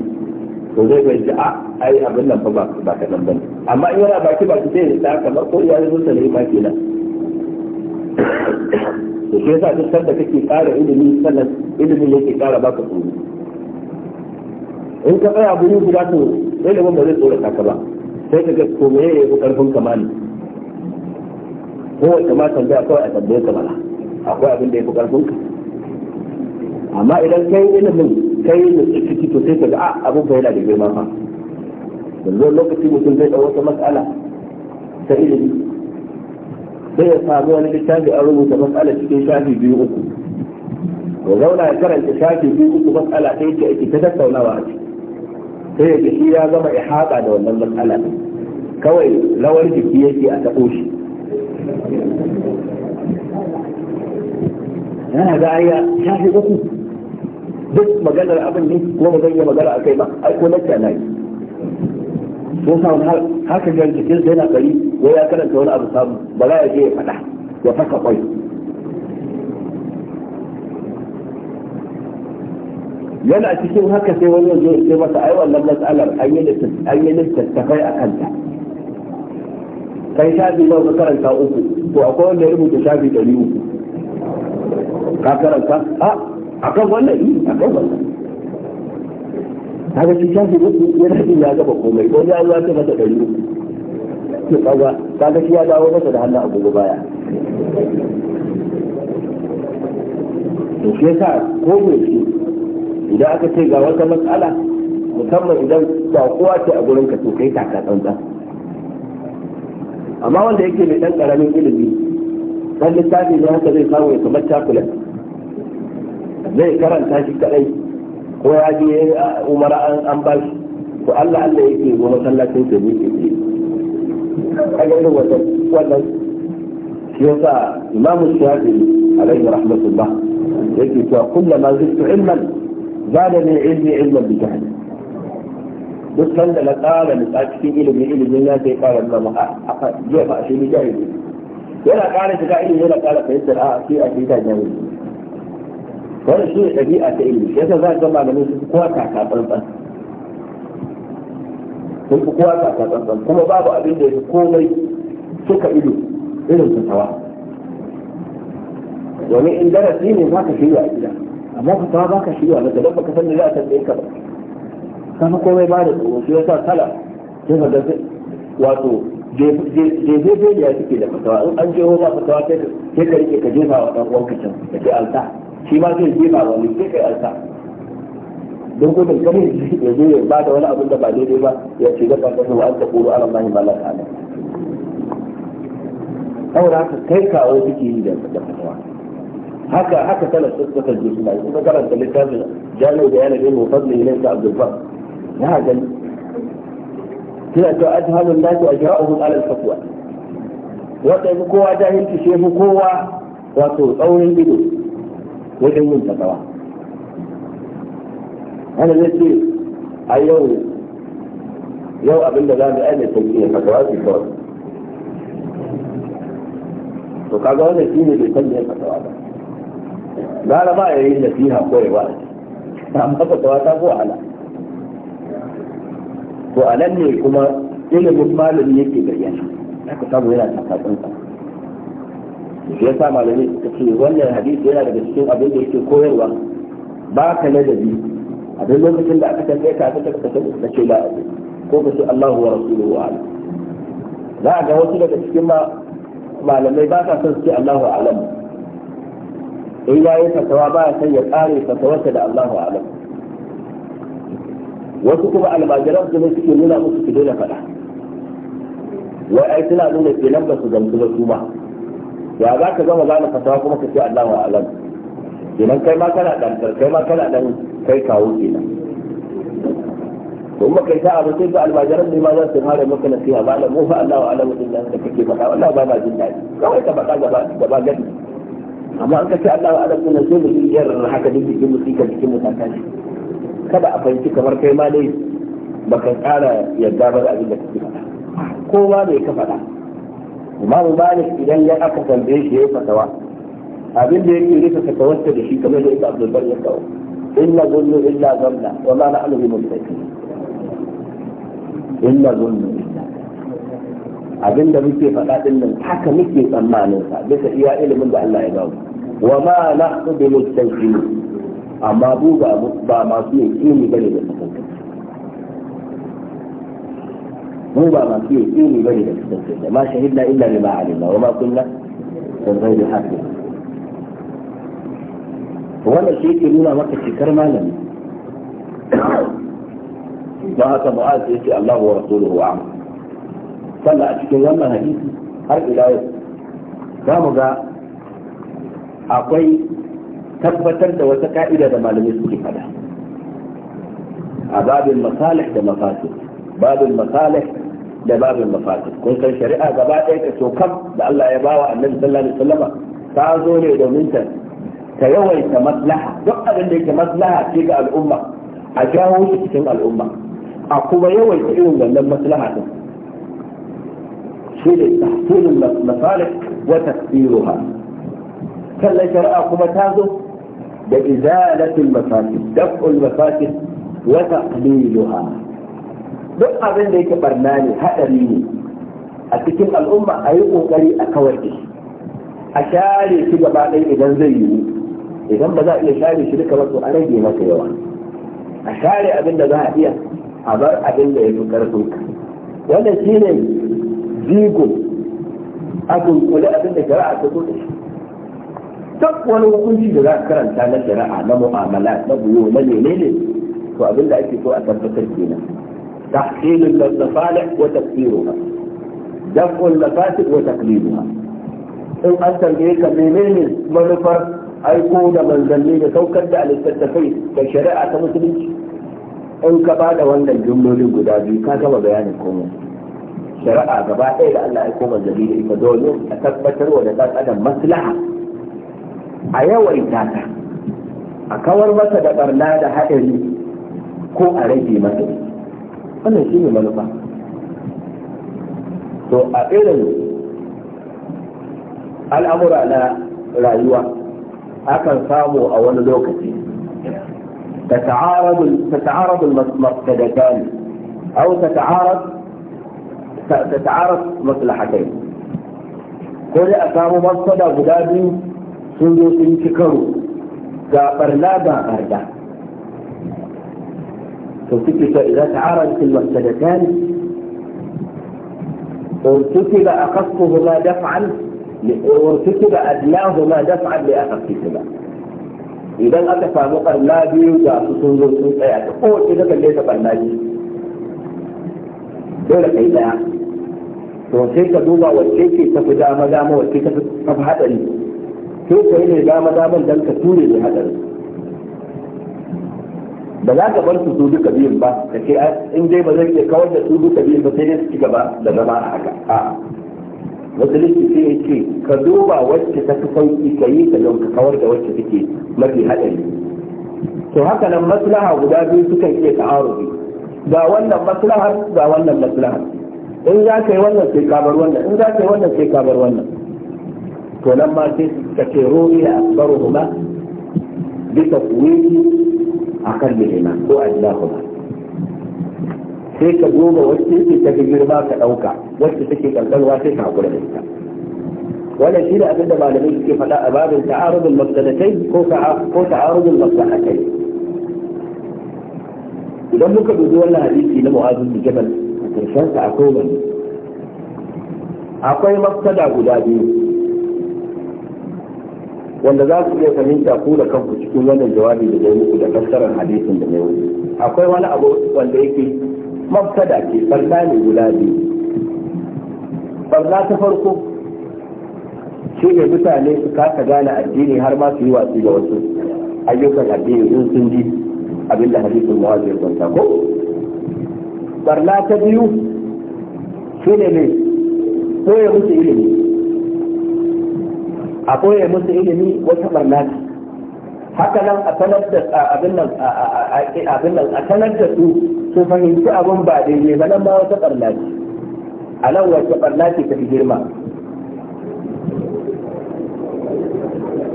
to zai bai a ah, ai abin nan fa ba ka ba bane amma in yana baki baki sai da ta kamar ko ya zo sa ne ma kenan to sai yasa duk sanda kake ƙara ilimi sannan ilimin yake fara baka tsoro in ka tsaya guri guda to ilimin ba zai tsorata ka ba sai ka ga ko me karfin ka ƙarfin ko kowace ma da kawai a tambaye ka mana akwai abin da ya karfin ka amma idan kai ilimin kai ne tsiki to sai ka ga a ah, abin fa yana da girma fa yanzu lokaci mutum zai ɗau wata matsala ta ilimi sai ya sami wani littafi an rubuta matsala cikin shafi biyu uku ya zauna ya karanta shafi biyu uku matsala ta yake ake ta tattaunawa a ciki sai ya shi ya gama ihaba da wannan matsala kawai rawar jiki yake a taɓo shi yana ga aya shafi uku duk maganar abin ne kuma mu zan yi magana a kai ba ai ko na yi ko sa haka ga jikin sai na kari ko ya karanta wani abu samu ba za ya je ya faɗa ya fasa kwai yana cikin haka sai wani yanzu ya ce masa ai wannan matsalar an yi littattafai a kanta kai shafi ba ka karanta uku to akwai wanda ya rubuta shafi ɗari uku ka karanta a akan wannan yi akan wannan kaga shi shafi ya rabu ya gaba komai ko ya ya ce masa dari to kaga kaga shi ya dawo masa da hannu agogo baya to shi yasa ko shi idan aka ce ga wata matsala musamman idan kowa ce a gurin ka to kai taka tsantsan amma wanda yake mai dan karamin ilimi ɗan littafi ne haka zai samu ya kamar cakulat zai karanta shi kadai ko ya je umar an ba shi to Allah Allah yake go masallacin ta ne yake kaga irin wannan wannan yasa imamu shafi alaihi rahmatullah yake cewa kullama zittu ilman zadani ilmi ilman bi jahl duk sanda na ƙara nutsa cikin ilimin ilimin ya sai ƙara nuna a jefa a shi ni jahili yana ƙara shiga ilimin yana ƙara fahimtar a shi a shi ta jahili wani su ne ɗabi'a ta ilimi yasa za ga malamai su kowa kaka tsantsan sun fi kowa kaka tsantsan kuma babu abin da ya fi komai suka ido irin tawa domin in darasi ne za ka shirya a gida amma tawa ba ka shirya mata don baka san da za a tambaye ka ba kama komai ba da tsoro shi yasa kala sai ka ga wato jefe-jefe ya suke da fatawa, in an jeho ba fatawa sai ka rike ka jefa wa ɗan uwanka da ke alta shi ma zai jefa wani sai kai alsa don gudun kare ya zo ya bada wani abin da ba daidai ba ya ce daga kan wa an ta kuru ala mahi ma la ta'ala saboda haka kai kawo suke yi da fatawa haka haka tana suka je suna yi kuma karanta littafin jami'u da yanayin mufadli ne ta abdul fat na gani kina to ajhalun nasu ajra'uhum ala al-fatwa wanda kowa jahilci shehu kowa wato tsaurin ido wajen yin fatawa hana zai ce a yau yau abin da za mu aina sauki ne fatawa ce kawai to kaga wannan shi ne bai san yin fatawa ba gara ba ya yi nasiha ko ya ba amma fatawa ta ko ala to a nan ne kuma ilimin malami yake bayyana aka samu yana takatsantsa yasa malamai suka ce wannan hadisi yana daga cikin abin da yake koyarwa ba ka ladabi a duk lokacin da aka kai ka aka ka ka ce la ko ka ce Allahu wa rasuluhu a'lam za a ga wasu daga cikin malamai ba ka son su ce Allahu a'lam in ya yi fatawa ba ya san ya kare fatawarsa da Allahu a'lam wasu kuma almajiran su ne suke nuna musu su daina faɗa wai ai suna nuna kenan ba su gamsu ba su ba ya za ka gama zana fatawa kuma ka ce Allah wa alam kenan kai ma kana dan kai ma kana dan kai kawo kenan kuma kai ta abu sai ga almajiran ne ma za su fara maka nasiha ba Allah mu fa Allah wa alam din nan da kake faɗa Allah ba ma jin daɗi kawai ka faɗa gaba gaba gadi amma an kace Allah wa alam din nan sai mu yi irin haka duk jikin mu sika jikin mu tashi kada a fahimci kamar kai ma dai baka tsara yadda ba da abin da kake faɗa kowa bai ka fada imamu malik idan ya aka tambaye shi ya yi fatawa abin da yake rufe fatawarsa da shi kamar da ita abdulbar ya kawo illa zullu illa zamna wa ma na'lamu bi mustaqim illa zullu illa abin da muke faɗa din nan haka muke tsammanin sa bisa iya ilimin da Allah ya ba mu wa ma na'lamu bi mustaqim amma bu ba masu yin yakini bane da مو ما ما فيه فيه بين ما شهدنا الا بما علمنا وما كنا من غير حاكم ولا شيء يقولون وقت الشكر ما لم ما معاذ يأتي الله ورسوله وعمل صلى أشكي لما هديث هل إلا يسر ما مدى أقوي تبتر دو تكائد دمال يسر هذا أباب المصالح دمال يسر باب المصالح ده باب المفاتيح كون كان شريعه غبا ديك إيه توكب ده الله يبا وانبي صلى الله عليه وسلم تازو ني دومين تا تيوي تا مصلحه دوك ابن ديك مصلحه تيجا الامه اجاو شي الامه اكو يوي تيون لنن مصلحه ده شيء تحصيل المصالح وتكبيرها كل شرعه كما تازو بإزالة المفاسد دفع المفاسد وتقليلها duk abin da yake barna ne haɗari ne a cikin al'umma a yi ƙoƙari a kawar da shi a share shi gaba ɗaya idan zai yiwu idan ba za a iya share shi duka ba to a rage masa yawa a share abin da za a iya a bar abin da ya fi ƙarfin ka wannan shi ne jigo a dunkule abin da shari'a ta zo da shi duk wani hukunci da za ka karanta na shari'a na mu'amala na buyo na menene to abin da ake so a tabbatar kenan تحصيل المصالح وتكبيرها دفع المفاسد وتقليدها او اثر ايه كميمين منفر اي قودة من ذنبين سو كدع للتتفين كشريعة مسلمش ان كبادة وان الجملة القدابي كان كما بيان الكومون شرعة قبائل ايه لألا يكون الزبير ايه دولو اتكبتر ونفات انا مسلحة ايه وإتاتا اكور مسا دبرنا دا كو اريدي مسلح wannan shi ne manufa to a irin al'amura na rayuwa akan samu a wani lokaci تتعارض تتعارض المفسدتان او تتعارض تتعارض مصلحتين كل اسامو مفسده غدا biyu sun zo sun ci ga فالفكرة إذا تعارضت المفسدتان ارتكب أخفهما دفعا وارتكب أدناهما دفعا لأخفهما idan aka samu ɓarna biyu ga su sun zo sun tsaya ta kowace da kalle ta ɓarna biyu dole kai ɗaya to sai ka duba wacce ce ta fi dama dama wacce ta fi haɗari sai ka yi ne dama daman don ka ture da haɗari ba za ka bar su su duka biyun ba da ke in dai ba zai iya kawar da su duka biyun ba sai dai su ci gaba da zama a haka a musulunci sai ya ce ka duba wacce ta fi sauki ka yi ta ka kawar da wacce take mafi haɗari to haka nan maslaha guda biyu sukan iya ta'arufi ga wannan maslahar ga wannan maslahar in za ka yi wannan sai ka bar wannan in za ka yi wannan sai ka bar wannan to nan ma sai ka ce ruhi akbaruhuma bi tafwidi a kan lihima ko a kuma sai ka duba wacce yake ta fi girma ka ɗauka wacce take ƙanƙanwa sai ka haƙura da ita wannan shi da abinda malamai suke faɗa a babin ta'arudin mafsadatai ko ta'arudin ta'arudul maslahatai idan muka dubi wannan hadisi na mu'azin da jabal a karshen sa akwai wani akwai mafsada guda biyu wanda za ku iya fahimta ku da kanku cikin wannan jawabi da zai muku da fassarar hadisin da ya wuce akwai wani abu wanda yake mabtada ke farka ne guda biyu farka ta farko shi ne mutane su kasa gane addini har ma su yi watsi da wasu ayyukan addini in sun ji abinda hadisin muhajir kwanta ko barna ta biyu shi ne ne ko ya musu ilimi a koya musu ilimi wata barna ce haka nan a sanar da abin nan a sanar da su su fahimci abin ba daidai ba nan ma wata barna ce a nan wata barna ce ta fi girma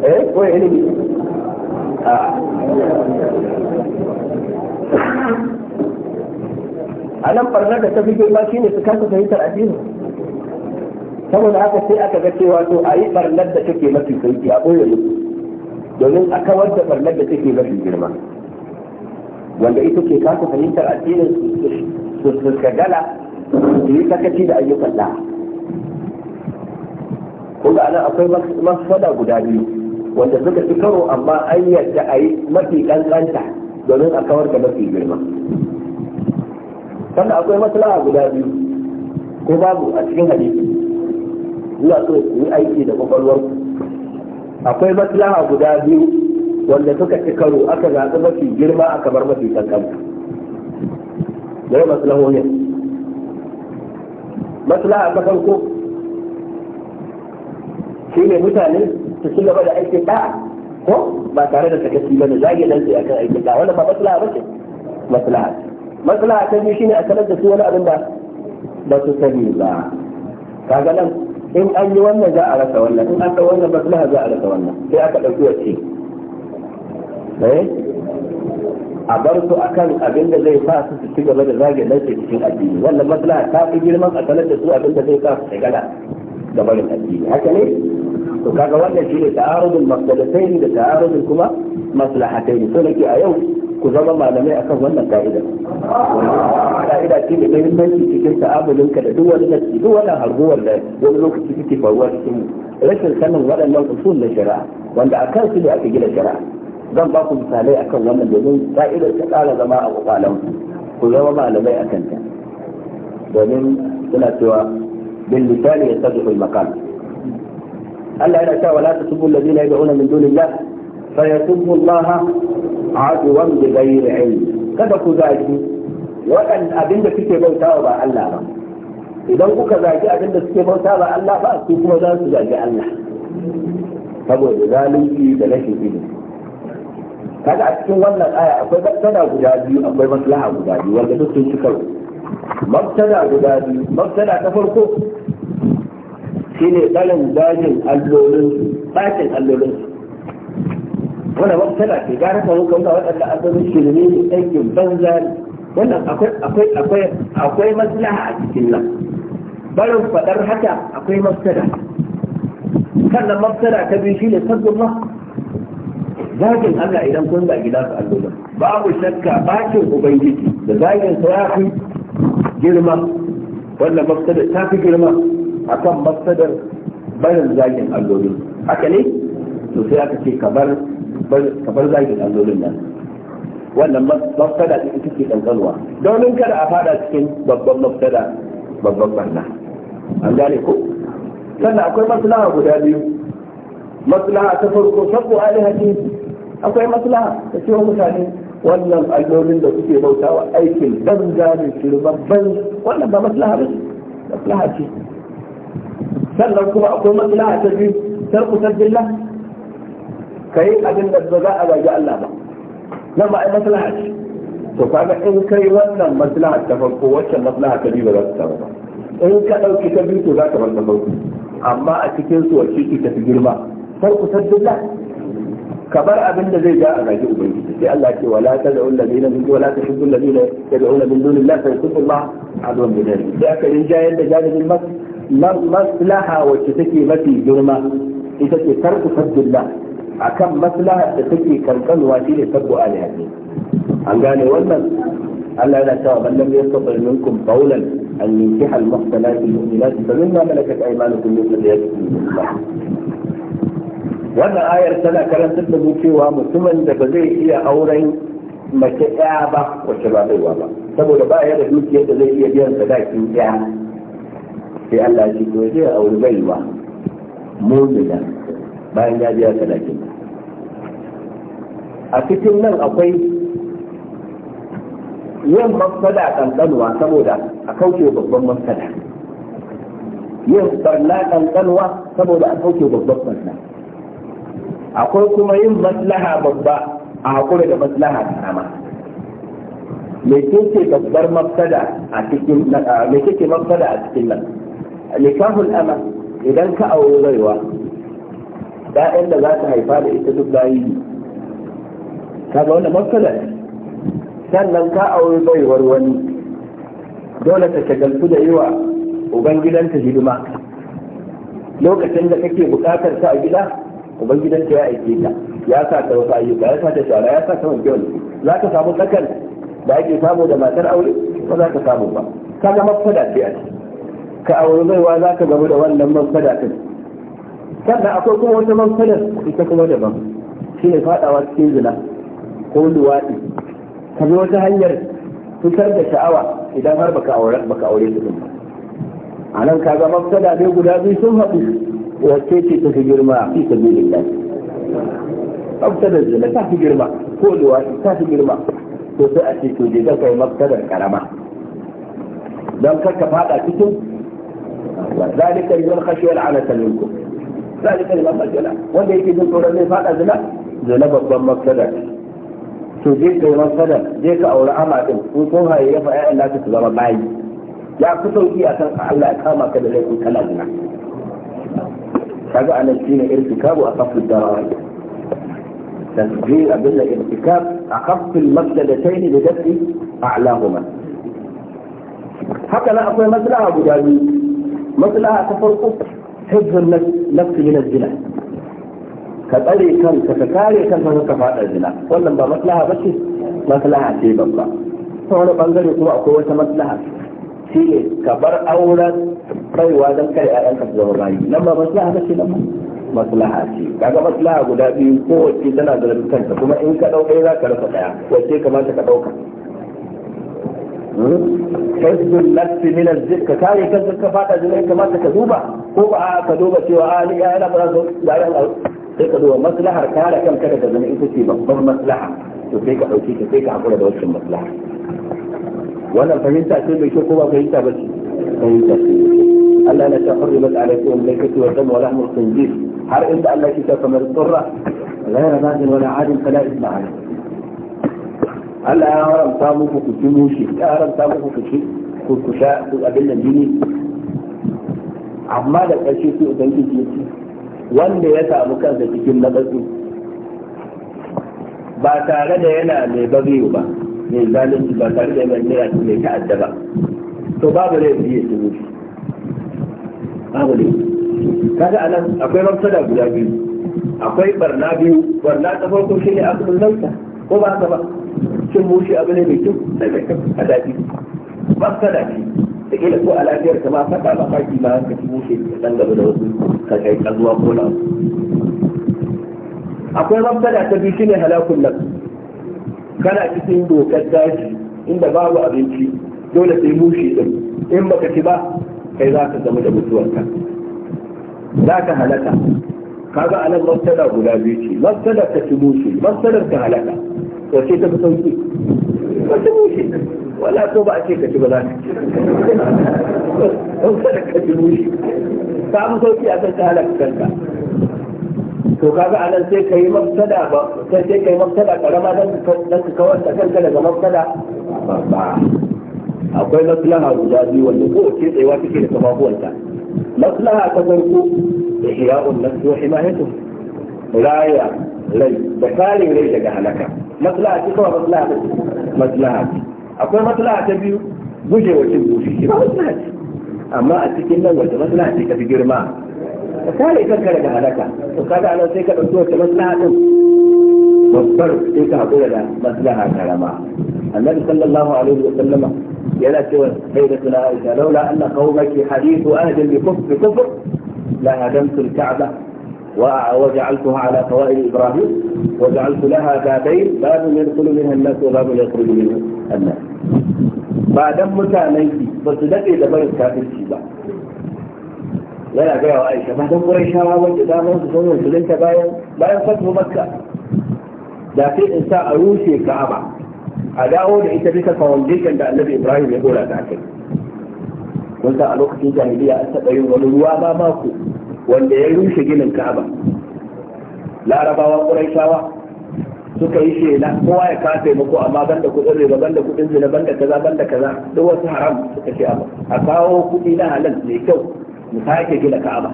eh ilimi a nan barnar da ta fi girma shine su kasa fahimtar addinin? saboda haka sai aka ga cewa to a yi barnar da take mafi sauki a ɓoye musu domin a kawar da barnar da take mafi girma wanda ita ke kasa fahimtar addinin su gala su yi sakaci da ayyukan da kuma anan akwai masfada guda biyu wanda suka fi karo amma an yadda a yi mafi ƙanƙanta domin a kawar da mafi girma sannan akwai maslaha guda biyu ko babu a cikin hadisi ina so ku yi aiki da kwakwalwar akwai maslaha guda biyu wanda suka ci karo aka zaɓi mafi girma aka bar mafi kankan da maslahohin maslaha ta farko shi ne mutane su ci gaba da aikin da'a ko ba tare da sakaci shi bane zage nan sai akan aikin da'a wannan ba maslaha ba ce maslaha maslaha ta biyu shine a sanar da su wani abin da ba su sani ba kaga nan in an yi wannan za a rasa wannan in aka wannan maslaha za a rasa wannan sai aka ɗauki wacce eh? a bar su akan abin da zai sa su ci gaba da zage nan cikin addini wannan maslaha ta fi girman a sanar da su abin da zai sa su shagala da barin addini haka ne to kaga wannan shi shine ta'arudul maslahatayn da ta'arudul kuma maslahatayn so nake a yau ku zama malamai akan wannan ka'ida ka'ida ce da muhimmanci cikin ka da duk wani nasi duk wannan harguwar da wani lokaci suke faruwa cikin rashin sanin waɗannan usul na shari'a wanda a kan su ne aka gina shari'a zan ba ku misalai akan wannan domin ka'idar ta ƙara zama a kwakwalen ku zama malamai akan ta domin suna cewa bin misali ya sadu maqam Allah yana cewa la tasubbu alladhina yad'una min dunillah fa yasubbu Allah aduwan bi ghairi ilm kada ku zaki wadan abinda suke bauta ba Allah ba idan kuka zaki abinda suke bauta ba Allah ba su kuma za su zaki Allah saboda zalunci da rashin ilimi kaga a cikin wannan aya akwai mabtada guda biyu akwai maslaha guda biyu wanda duk sun ci karo mabtada guda biyu mabtada ta farko shine tsarin dajin allolin su allolin su wanda maktaba ke gara ta muka muka waɗanda asalin shirme ne aikin banza ne wannan akwai akwai akwai maslaha a cikin nan barin faɗar haka akwai mafsada sannan mafsada ta biyu shine sabbin ma zagin Allah idan kun zagi za su allura babu shakka bakin ubangiji da zagin sa ya fi girma wannan mafsada ta fi girma akan mafsadar barin zagin alloli haka ne to sai aka ce ka bar bar zagin allolin nan wannan mafsada ce ita ce kankanwa domin kada a fada cikin babban mafsada babban barna an gane ko sannan akwai maslaha guda biyu maslaha ta farko sabu alihati akwai maslaha ta cewa mutane wannan allolin da bauta bautawa aikin banza ne babban wannan ba maslaha ba maslaha ce sannan kuma akwai maslaha ta biyu tarku sabbillah kai abin da ba za a zagi Allah ba nan ba a ai maslaha ce to kaga in kai wannan maslaha ta farko waccan maslaha ta biyu ba za ta samu ba in ka dauki ta biyu to za ka wannan ta farko amma a cikin su wacce ki tafi girma farko ta ka bar abin da zai ga a zagi ubangiji sai Allah ce wala ta tad'u alladhina min wala tashuddu alladhina yad'una min dunillahi fa yusibbu Allah adwan bidari sai aka rinjayar da jahilin maslaha wacce take mafi girma ita ce tarku fadlillah akan maslahar da take kankanuwa shine sabbu alihati an gane wannan Allah yana cewa man lam yastaqil minkum baulan. an da yankiha al-muhsanati al-mu'minati fa mimma malakat aymanukum min ba. wannan ayar tana karantar da mu cewa mutumin da ba zai iya auren mace ɗaya ba wacce ba baiwa ba saboda ba ya da dukiyar da zai iya biyan sadakin ɗaya sai Allah ya ce to zai auri baiwa mu'mina bayan ya biya talakin a cikin nan akwai yin mafsada kankanuwa saboda a kauce babban mafsada yin barna kankanuwa saboda a kauce babban masada. akwai kuma yin maslaha babba a haƙura da maslaha karama me kike babbar mafsada a cikin me kike mafsada a cikin nan nikahul ama idan ka aure baiwa ɗayan da za ta haifa da ita duk bayi ne ga wanda matsala sannan ka auri baiwar wani dole ta shagaltu da yiwa ubangidanta hidima lokacin da kake bukatar ta a gida ubangidanta ya aike ta ya sa ta wasu ayyuka ya sa ta shara ya sa ta wanke wani za ka samu tsakan da ake samu da matar aure ko za ka samu ba ka ga mafsada ce a ka auri baiwa za ka gamu da wannan mafsada ta sannan akwai kuma wata mankalar ita kuma daban shi ne faɗawa cikin zina ko luwaɗi ka bi wata hanyar fitar da sha'awa idan har baka aure baka aure su ba a nan ka ga mafsada ne guda biyu sun haɗu wacce ce ta fi girma fi sabilillah mafsadar zina ta fi girma ko luwaɗi ta fi girma to sai a ce to je zan kai mafsadar karama don kar ka faɗa cikin ذلك لمن خشي العنة منكم zalika liman majala wanda yake jin tsoron zai fada zina zina babban mafsada to je ka yi mafsada je ka aure ama din in kun haye ya fa'a Allah ka zama bayi ya fi sauki a kan Allah ya kama ka da laifin kana zina kaga anan shine irtikabu a kafin darawai irtikab a الارتكاب أخف da dadi a'lahuma haka na akwai maslaha guda biyu maslaha ta farko hizbun nafsi min zina ka tsare kanka ka kare kanka ka fada zina wannan ba maslaha bace maslaha ce babba wani bangare kuma akwai wata maslaha shi ne ka bar auren baiwa don kare ƴaƴanka su zama rayu nan ba maslaha bace nan maslaha ce kaga maslaha guda biyu kowace tana da kanta kuma in ka ɗauka ɗaya za ka rasa ɗaya kamata ka ɗauka hizbun nafsi min azzikka kare kan ka fada da ya kamata ka duba ko ba ka duba cewa a ni yana ba su da ran sai ka duba maslahar kare kanka daga zina ita ce babban maslaha to sai ka dauki ta sai ka hakura da wannan maslaha wannan fahimta ce mai kyau ko ba fahimta ba ce fahimta ce Allah na ta hurrimat alaikum laikatu wa dam wa lahmul khinzir har inda Allah ke ta kamar turra غير ذات ولا عاد فلا إثم عليه Allah ya haramta muku ku ci mushi ya haramta muku ku ci ku ku sha ku abin nan jini amma da ƙarshe su idan ya ce wanda ya samu kansa cikin matsatsi ba tare da yana mai bagiyo ba mai zalunci ba tare da yana mai ta'adda ba to babu ne ya ci mushi babu laifi kaga anan akwai mafsada guda biyu akwai barna biyu barna ta farko shine asalin nauta ko ba haka ba cin mushi abu ne mai kyau da mai kyau a daji ba ka daɗi da kila ko a lafiyar ka ma faɗa ba faki ma ka ci mushi ka san gaba da wasu ka kai kazuwa ko na akwai mafsada ta biyu shine halakun nan kana cikin dokar daji inda babu abinci dole sai mushi din in baka ci ba kai za ka zama da mutuwarka za ka halaka kaga anan mafsada guda biyu ce mafsadar ka ci mushi mafsadar ka halaka wace ta fi sauki wata mushi wala ko ba a ce ka ci ba za ka ci don ka ci mushi ka mu sauki a kan kalar kanka to kaga a nan sai ka yi mafsada ba sai sai ka yi mafsada karama don ka kawar da kanka daga mafsada ba akwai maslaha guda biyu wanda kowace tsayawa take da kafafuwanta maslaha ta farko da hiya'un nasu wa himayatu raya rai da karin rai daga halaka maslaha ce kawai maslaha ce maslaha ce akwai maslaha ta biyu gujewa cin gushi shi ba maslaha ce amma a cikin nan wata maslaha ce ta fi girma ka kare kanka daga halaka to kaga anan sai ka dauki wata maslaha din babbar sai ka hakura da maslaha karama annabi sallallahu alaihi wa sallama yana cewa sai da tuna aisha laula anna qaumaki hadithu ahlin bi kufr kufr la hadamtu al-ka'ba وجعلتها على قوائم إبراهيم وجعلت لها بابين باب يدخل منها الناس وباب يخرج منها الناس بعدم متانيتي بس دقي دبر الكافر ba. yana gaya wa aisha ba don kurai shawa wanda damar su sun musulunta bayan bayan fatu makka da sai in a rushe ka'aba a dawo da ita bisa foundation da annabi ibrahim ya dora ta kai kun a lokacin jahiliya an taɓa yin ba wanda ya rushe ginin ka'aba larabawa ƙuraishawa suka yi shela kowa ya kafe muku amma banda kuɗin riba banda kuɗin zina banda kaza banda kaza duk wasu haram suka ce amma a kawo kuɗi na halal mai kyau mu sake gina ka'aba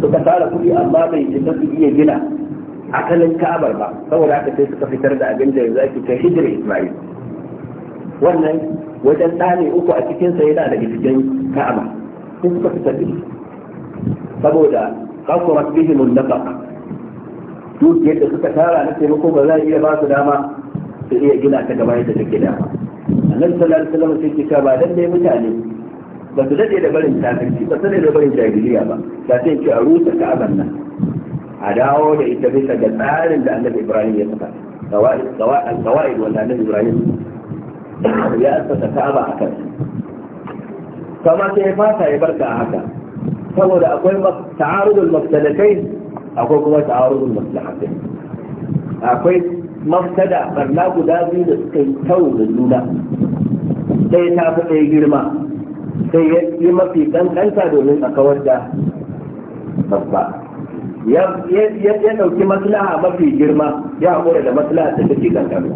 suka tara kuɗi amma bai da su iya gina asalin ka'abar ba saboda haka sai suka fitar da abin da yanzu ake kai hijirar ismail wannan wajen ɗane uku a cikinsa yana daga cikin ka'aba sai suka fitar da shi saboda bihin bihimun nafa duk da suka tara na taimako ba za a iya ba su dama su iya gina ta gaba yadda take dama annabi sallallahu alaihi wasallam sai kika ba dan dai mutane ba su dade da barin kafirci ba su da barin jahiliya ba da sai ki a rusa ka'aban nan a dawo da ita bisa ga tsarin da annabi ibrahim ya saka kawai wanda annabi ibrahim ya saka ka'aba a kan kama sai ya fata ya barka a haka saboda akwai ta'arudul mafsadatai akwai kuma ta'arudul maslahatai akwai mafsada barna guda biyu da suka yi tau da juna Sai ta fi ɗaya girma sai ya yi mafi ƙanƙanta domin a kawar da babba ya ɗauki maslaha mafi girma ya haƙura da maslaha ta take ƙanƙanta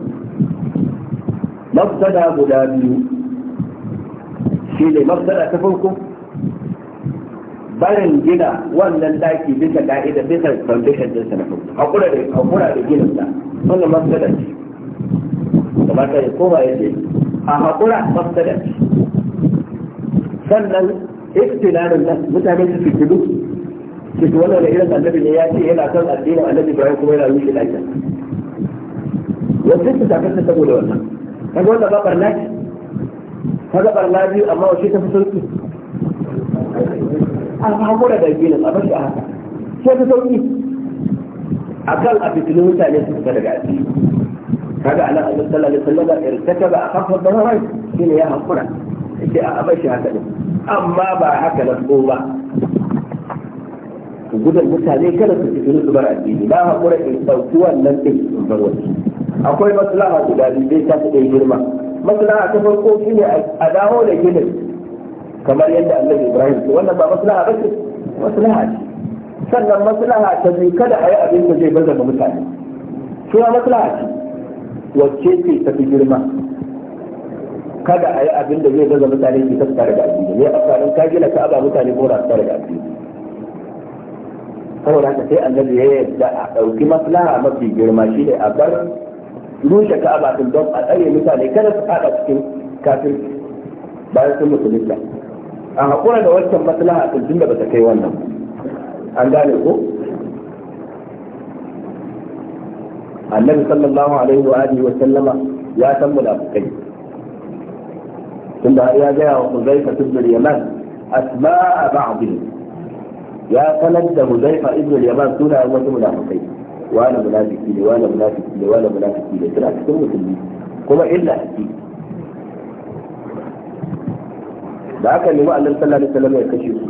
mafsada guda biyu shi ne mafsada ta farko barin gina wannan daki bisa ka'ida bisa foundation din sana hakura da hakura da ginin sa wannan masala ce kamar ta ba yake a hakura masala ce sannan ikhtilarin nan mutane su fitilu su ji wannan irin annabi ne ya ce yana son addinin annabi bayan kuma yana rushe lafiya wasu su tafi su saboda wannan kaga wannan ba barna ce kaga barna biyu amma wasu ta fi sauki an hakura da ginin a bashi a haka sai ta sauƙi. a kan a fitinin mutane su fita daga asiri kaga anan a sallallahu alaihi wasallam irtaka ba a kafar da rai shine ya hakura sai a bashi haka ne amma ba haka na so ba gudun mutane kada su fitinin su bar addini na haƙura in sauki wannan ɗin in bar wani akwai maslaha guda biyu sai ta fi girma maslaha ta farko ne a dawo da ginin kamar yadda annabi ibrahim ce wannan ba maslaha bace maslaha ce sannan maslaha ta zai kada a yi abin da zai bazama mutane shi maslaha ce wacce ce ta fi girma kada a yi abin da zai gaza mutane su tattara da addini ne amfanin ka gina ka'aba mutane ko rasu da addini saboda haka sai annabi ya yadda a ɗauki maslaha mafi girma shi ne a bar rushe ka'aba din don a tsare mutane kada su fada cikin kafin bayan sun musulunta a haƙura da wancan maslaha ɗin tunda ba ta kai wannan an gane ko annabi sallallahu alaihi wa alihi wa sallama ya san munafikai tunda har ya gaya wa Huzaifa ibn Yaman asma'a ba'dhi ya sanar da Huzaifa ibn Yaman suna wasu munafikai wani munafiki ne wani munafiki ne wani munafiki ne suna cikin musulmi kuma illa ciki da haka ne ma'anar sallallahu alaihi wasallam ya kashe su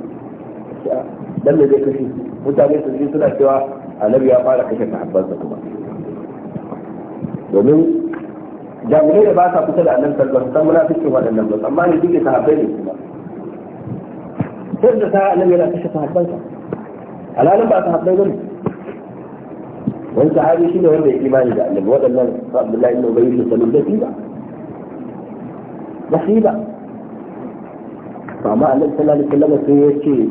dan me zai kashe mutane su ji suna cewa annabi ya fara kashe sahabbansa kuma domin jami'ai da ba sa kusa da annabi sallallahu alaihi wasallam munafikin waɗannan ba amma ne duke sahabbai ne kuma sai da sa annabi ya kashe sahabbansa alalan ba sahabbai bane wani sahabi shi ne wanda ya imani da annabi waɗannan sa Abdullahi ibn Ubay ibn Salul da shi ba nasiba amma annabi sallallahu alaihi wasallam sai ya ce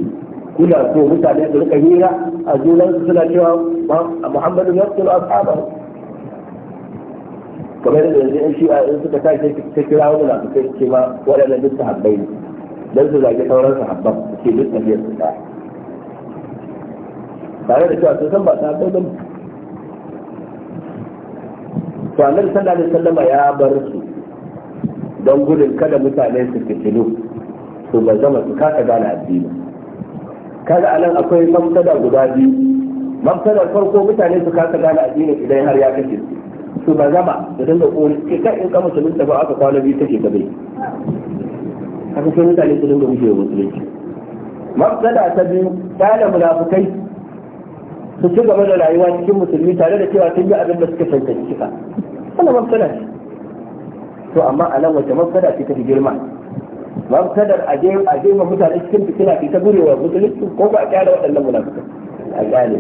kuna so mutane su rika hira a junan su suna cewa muhammadu ya tsoro ashabahu kamar da yanzu in a in suka sa shi ta kira wani na suka ce ma waɗannan duk habbai ne dan su zage sauran sahabban su ce duk tafiyar su ɗaya tare da cewa sun san ba ta ba ne to annabi sallallahu alaihi wasallam ya bar su don gudun kada mutane su fitilu to ba zama su kasa gane addini kaga anan akwai mafsada guda biyu mafsada farko mutane su kasa gane addini idan har ya kashe su ba zama da dinga kori ke kai in ka musulunta ba aka kwana biyu take ka bai haka sai mutane su dinga wucewa musulunci mafsada ta biyu tare munafukai su ci gaba da rayuwa cikin musulmi tare da cewa sun yi abin da suka cancanci ka. wannan mafsada ce to amma a nan wace mafsada ce ta fi girma babu kadar a je a je mutane cikin fitina ke ta gurewa musulunci ko ba a kyara waɗannan munafikan a gane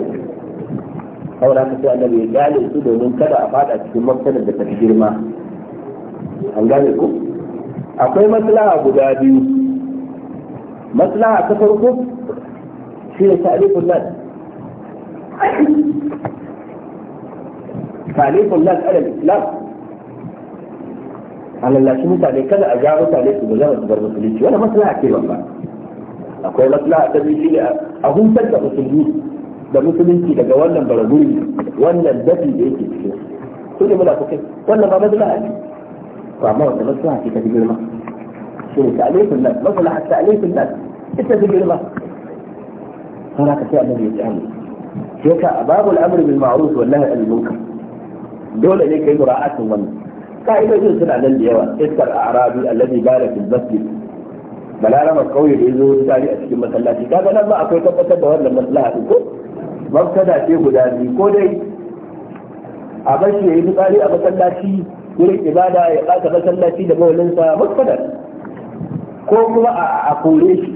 saboda haka sai annabi ya gane su domin kada a fada cikin mafsadar da ta fi girma an gane ku akwai maslaha guda biyu maslaha ta farko shi ne ta'rifun nas ta'rifun nan alal islam a lallashi mutane kada a ja mutane su bazama su bar musulunci wani maslaha ce babba akwai maslaha ta biyu shine a hutar da musulmi da musulunci daga wannan baraguri wannan dafi da yake cikin su ne muna kuka wannan ba maslaha ce to amma wata maslaha ce ta fi girma shi ne ta'alifin nan maslaha ta'alifin nan ita fi girma sana ka sai annabi ya ci hannu sai ka babul amri bil ma'ruf wal nahy anil munkar dole ne kai mura'atin wannan ka'idojin suna nan da yawa iskar arabi alladhi bala fil masjid balarama kauye da yazo tari a cikin masallaci kaga nan ba akwai tabbatar da wannan maslaha ko mabtada ce guda ne ko dai a bashi yayi tsari a masallaci wurin ibada ya kasa masallaci da mawalinsa mabtada ko kuma a kore shi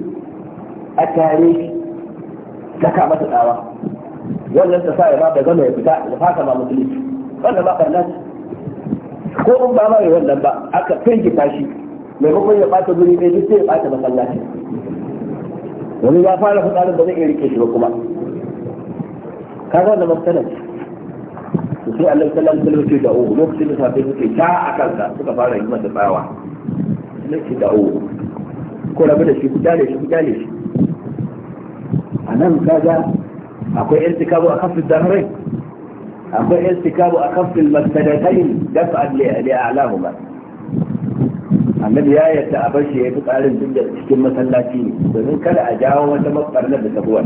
a tare shi saka masa tsawa wannan ta sa ya ba da gama ya fita da fata ma musulunci wannan ba barna ko in ba mai wannan ba aka tashi mai maimakon ya bata guri ne duk sai ya bata masallaci wani ya fara fitarin da zai iya rike shi ba kuma ga wannan matsalar sai Allah sallallahu alaihi wasallam da uku lokacin da safe suke ta a kansa suka fara yi masa tsawa lokacin da uku ko rabu da shi ku dale shi ku dale shi a nan kaga akwai irtikabu a kafin dararai akwai istikabu a kafin masadatain dafa li'a'lahu ba annabi ya yarda a bashi ya fi tsarin duk da cikin masallaci ne domin kada a jawo wata mafarnar da sabuwar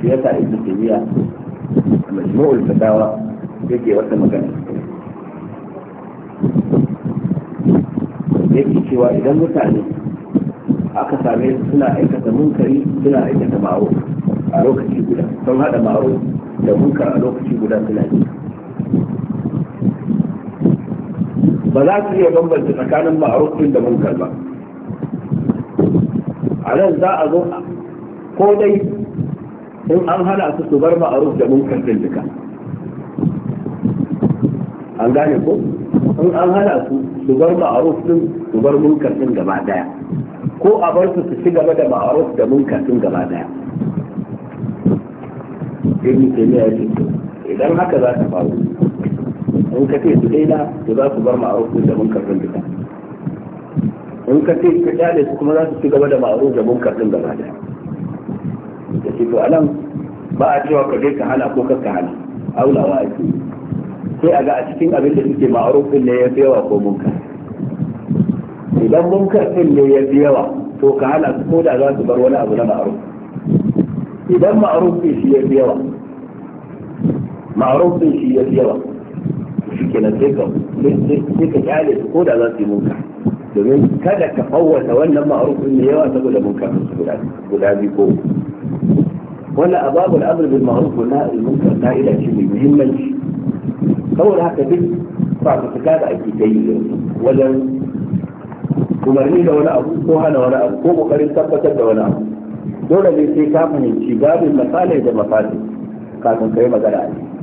shi ya sa ibnu taymiya a majmu'ul fatawa yake wata magana yake cewa idan mutane aka same suna aikata munkari suna aikata maro a lokaci guda sun haɗa maro? da munkar a lokaci guda suna ba za su iya bambanta tsakanin ma'aruf din da munkar ba a nan za a zo ko dai in an hana su su bar ma'aruf da munkar din duka an gane ko in an hana su su bar ma'aruf din su bar munkar din gaba daya ko a bar su su ci gaba da ma'aruf da munkar din gaba daya ibn taymiya ya ce idan haka za ta faru in ka ce su daina to za su bar ma'aruf da munkar din duka in ka ce ka kyale su kuma za su ci gaba da ma'aruf da munkar din gaba daya da ce to alam ba a cewa ka dai ka hana ko ka ka hana aulawa ake sai a ga a cikin abin da suke ma'aruf din ne ya fi yawa ko munkar idan munkar din ne ya fi yawa to ka hana su ko da za su bar wani abu na ma'aruf idan ma'aruf din shi ya fi yawa ma'aruf din shi ya fi yawa shi kenan sai ka sai ka kyale ko da za su yi munka domin kada ka fawwata wannan ma'aruf din da yawa saboda munka guda biyu ko wannan ababul amr bil ma'ruf wa nahy anil munkar mai muhimmanci haka duk ta yi wajen umarni da wani abu ko hana wani abu ko kokarin tabbatar da wani abu dole ne sai ka fahimci babin masalai da mafasi kafin kai magana a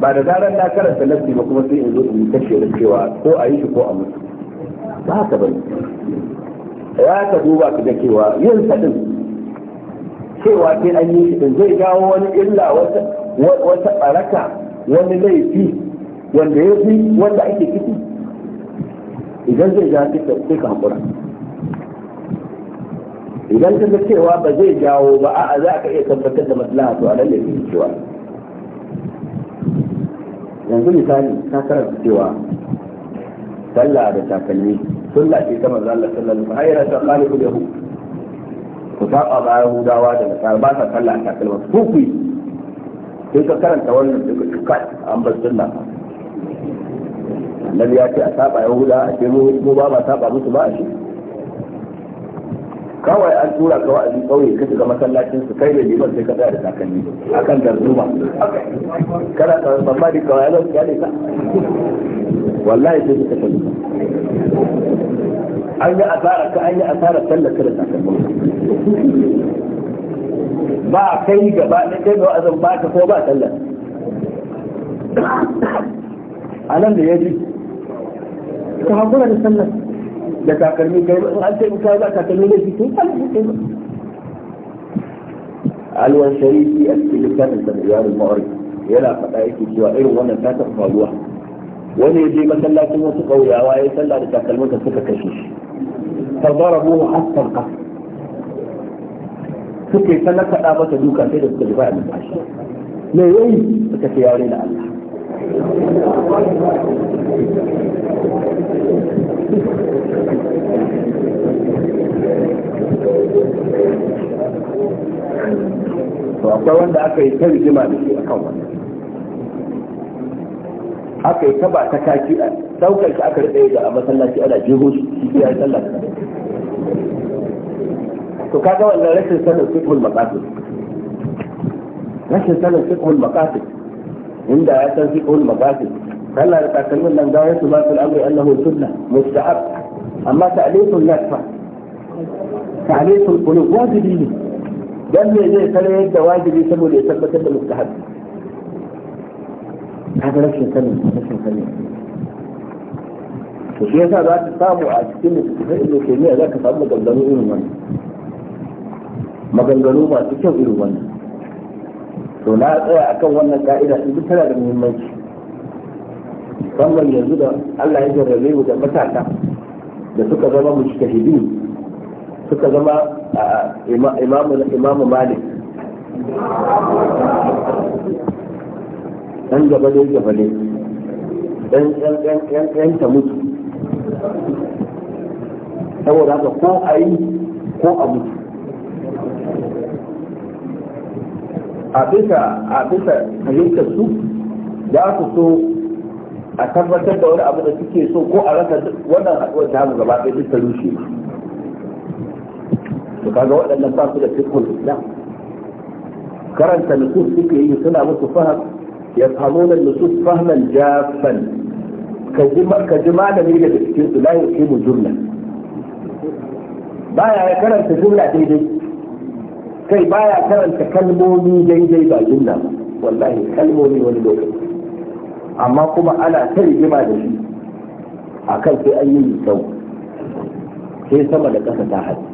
ba da zarar na karanta lafi ba kuma sai in zo in kashe da cewa ko a yi shi ko a mutu ba haka ne ya ka duba ka ga cewa yin sadin cewa sai an yi shi din zai jawo wani illa wata wata baraka wani laifi wanda ya fi wanda ake ciki idan zai ja sai ka hakura idan ka zai cewa ba zai jawo ba a'a za ka iya tabbatar da maslaha to a lalle ne cewa yanzu misali ta karanta cewa sallah da takalmi sunna ce ta manzo Allah sallallahu alaihi wasallam ayyana ta qalibul yahud ku saba ba yahudawa da nasara ba sa sallah a takalma ku ku sai ka karanta wannan duka duka an bar sunna annabi ya ce a saba yahuda a ce mu ba ba saba musu ba a shi kawai an tura ka wa'azi kawai ka shiga masallacin su kai da liman sai ka tsaya da takalmi akan darduma kana ka babba da kawai zan kyale ka wallahi sai suka tafi an yi asara ka an yi asara tallata da takalmi ba kai gaba da kai ga wa'azin ba ka ko ba tallar a nan da ya ji ka hakura da sallar da takalmi kai in an taimaka ba takalmi ne fito alwan sharifi a cikin littafin sa miyarul ma'arif yana faɗa yake cewa irin wannan ta taɓa faruwa wani ya je masallacin wasu ƙauyawa ya sallah da takalmin ka suka kashe shi fadarabu hatta al-qas suke sanar kaɗa masa duka sai da suka jiba a numfashi me yayi suka ce yare da Allah to akwai wanda aka yi ta rigima da shi akan wannan aka yi ta ba ta kaki a daukar shi aka rike ga a masallaci ana jeho shi shi ya yi sallah to kaga wannan rashin sanin fiqhul maqasid rashin sanin fiqhul maqasid عند اتم في كل مقاتل فلا يتكلمون لان ده يطلب في الامر انه سنه مستحب اما تاليف النفس تعليق القلوب واجبي قال لي ليه قال لي انت واجبي يسموه ليثبت انه مستحب هذا لك يسمى لك يسمى وفي هذا بعد الصعب وعشتين في الكيمياء ذاك فأما قلدانو إلو مانا ما قلدانو ما إلو إيرو to na tsaya akan wannan ka'ida duk tana da muhimmanci musamman yanzu da Allah ya jarrabe mu da matasa da suka zama mujtahidi suka zama imamu imamu malik dan gaba ne gaba ne dan yan yan yan ta mutu saboda ko a yi ko a mutu a bisa a bisa halitta su za su so a tabbatar da wani abu da suke so ko a rasa wannan haɗuwar ta gaba ɗaya duk ta rushe to kaga waɗannan ba su da fiqhul islam karanta nusus suke yi suna musu faham ya fahimuna nusus fahman jafan ka ji malami daga cikin su la mu jumla baya ya karanta jumla daidai kai baya karanta kalmomi daidai ba jinna wallahi kalmomi wani lokaci amma kuma ana ta rigima da shi a kan sai an yi sau sai sama da ƙasa ta haɗu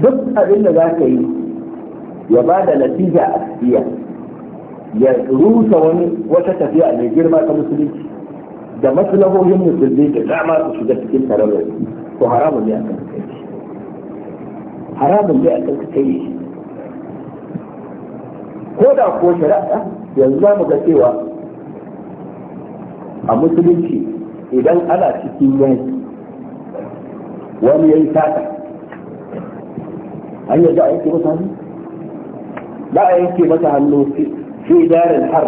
duk abin da za ka yi ya ba da natija a tafiya ya rusa wani wata tafiya mai girma ta musulunci da maslahohin musulmi da dama su shiga cikin tararrabi ko haramun ne a kan kai haramun ne a kan kai ko da ko shari'a yanzu za mu ga cewa a musulunci idan ana cikin yanki wani ya yi sata an yadda a yanke masa hannu ba a yanke masa hannu fi darin har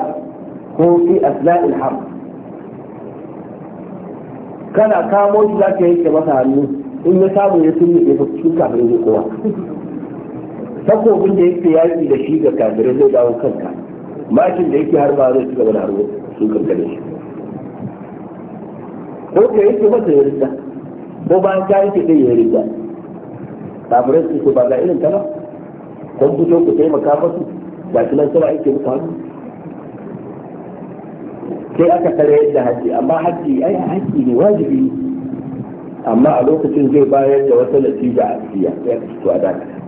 ko fi asna'il har kana kamo shi za yi yanke masa hannu in ya samu ya sun ya fuskin kafin zai kowa takobin da yake yaƙi da shi ga kafirin zai dawo kanka makin da yake har ba zai ci gaba da harbo su kankare shi ko ka yake masa ya rinda ko bayan ka yake ɗaya ya rinda kafirin su ba ga irin ta ba kun fito ku taimaka masu ba shi nan suna yake musu hannu sai aka tare yadda haji amma haji ai haji ne wajibi amma a lokacin zai bayar da wata natija a siya sai fito a dakata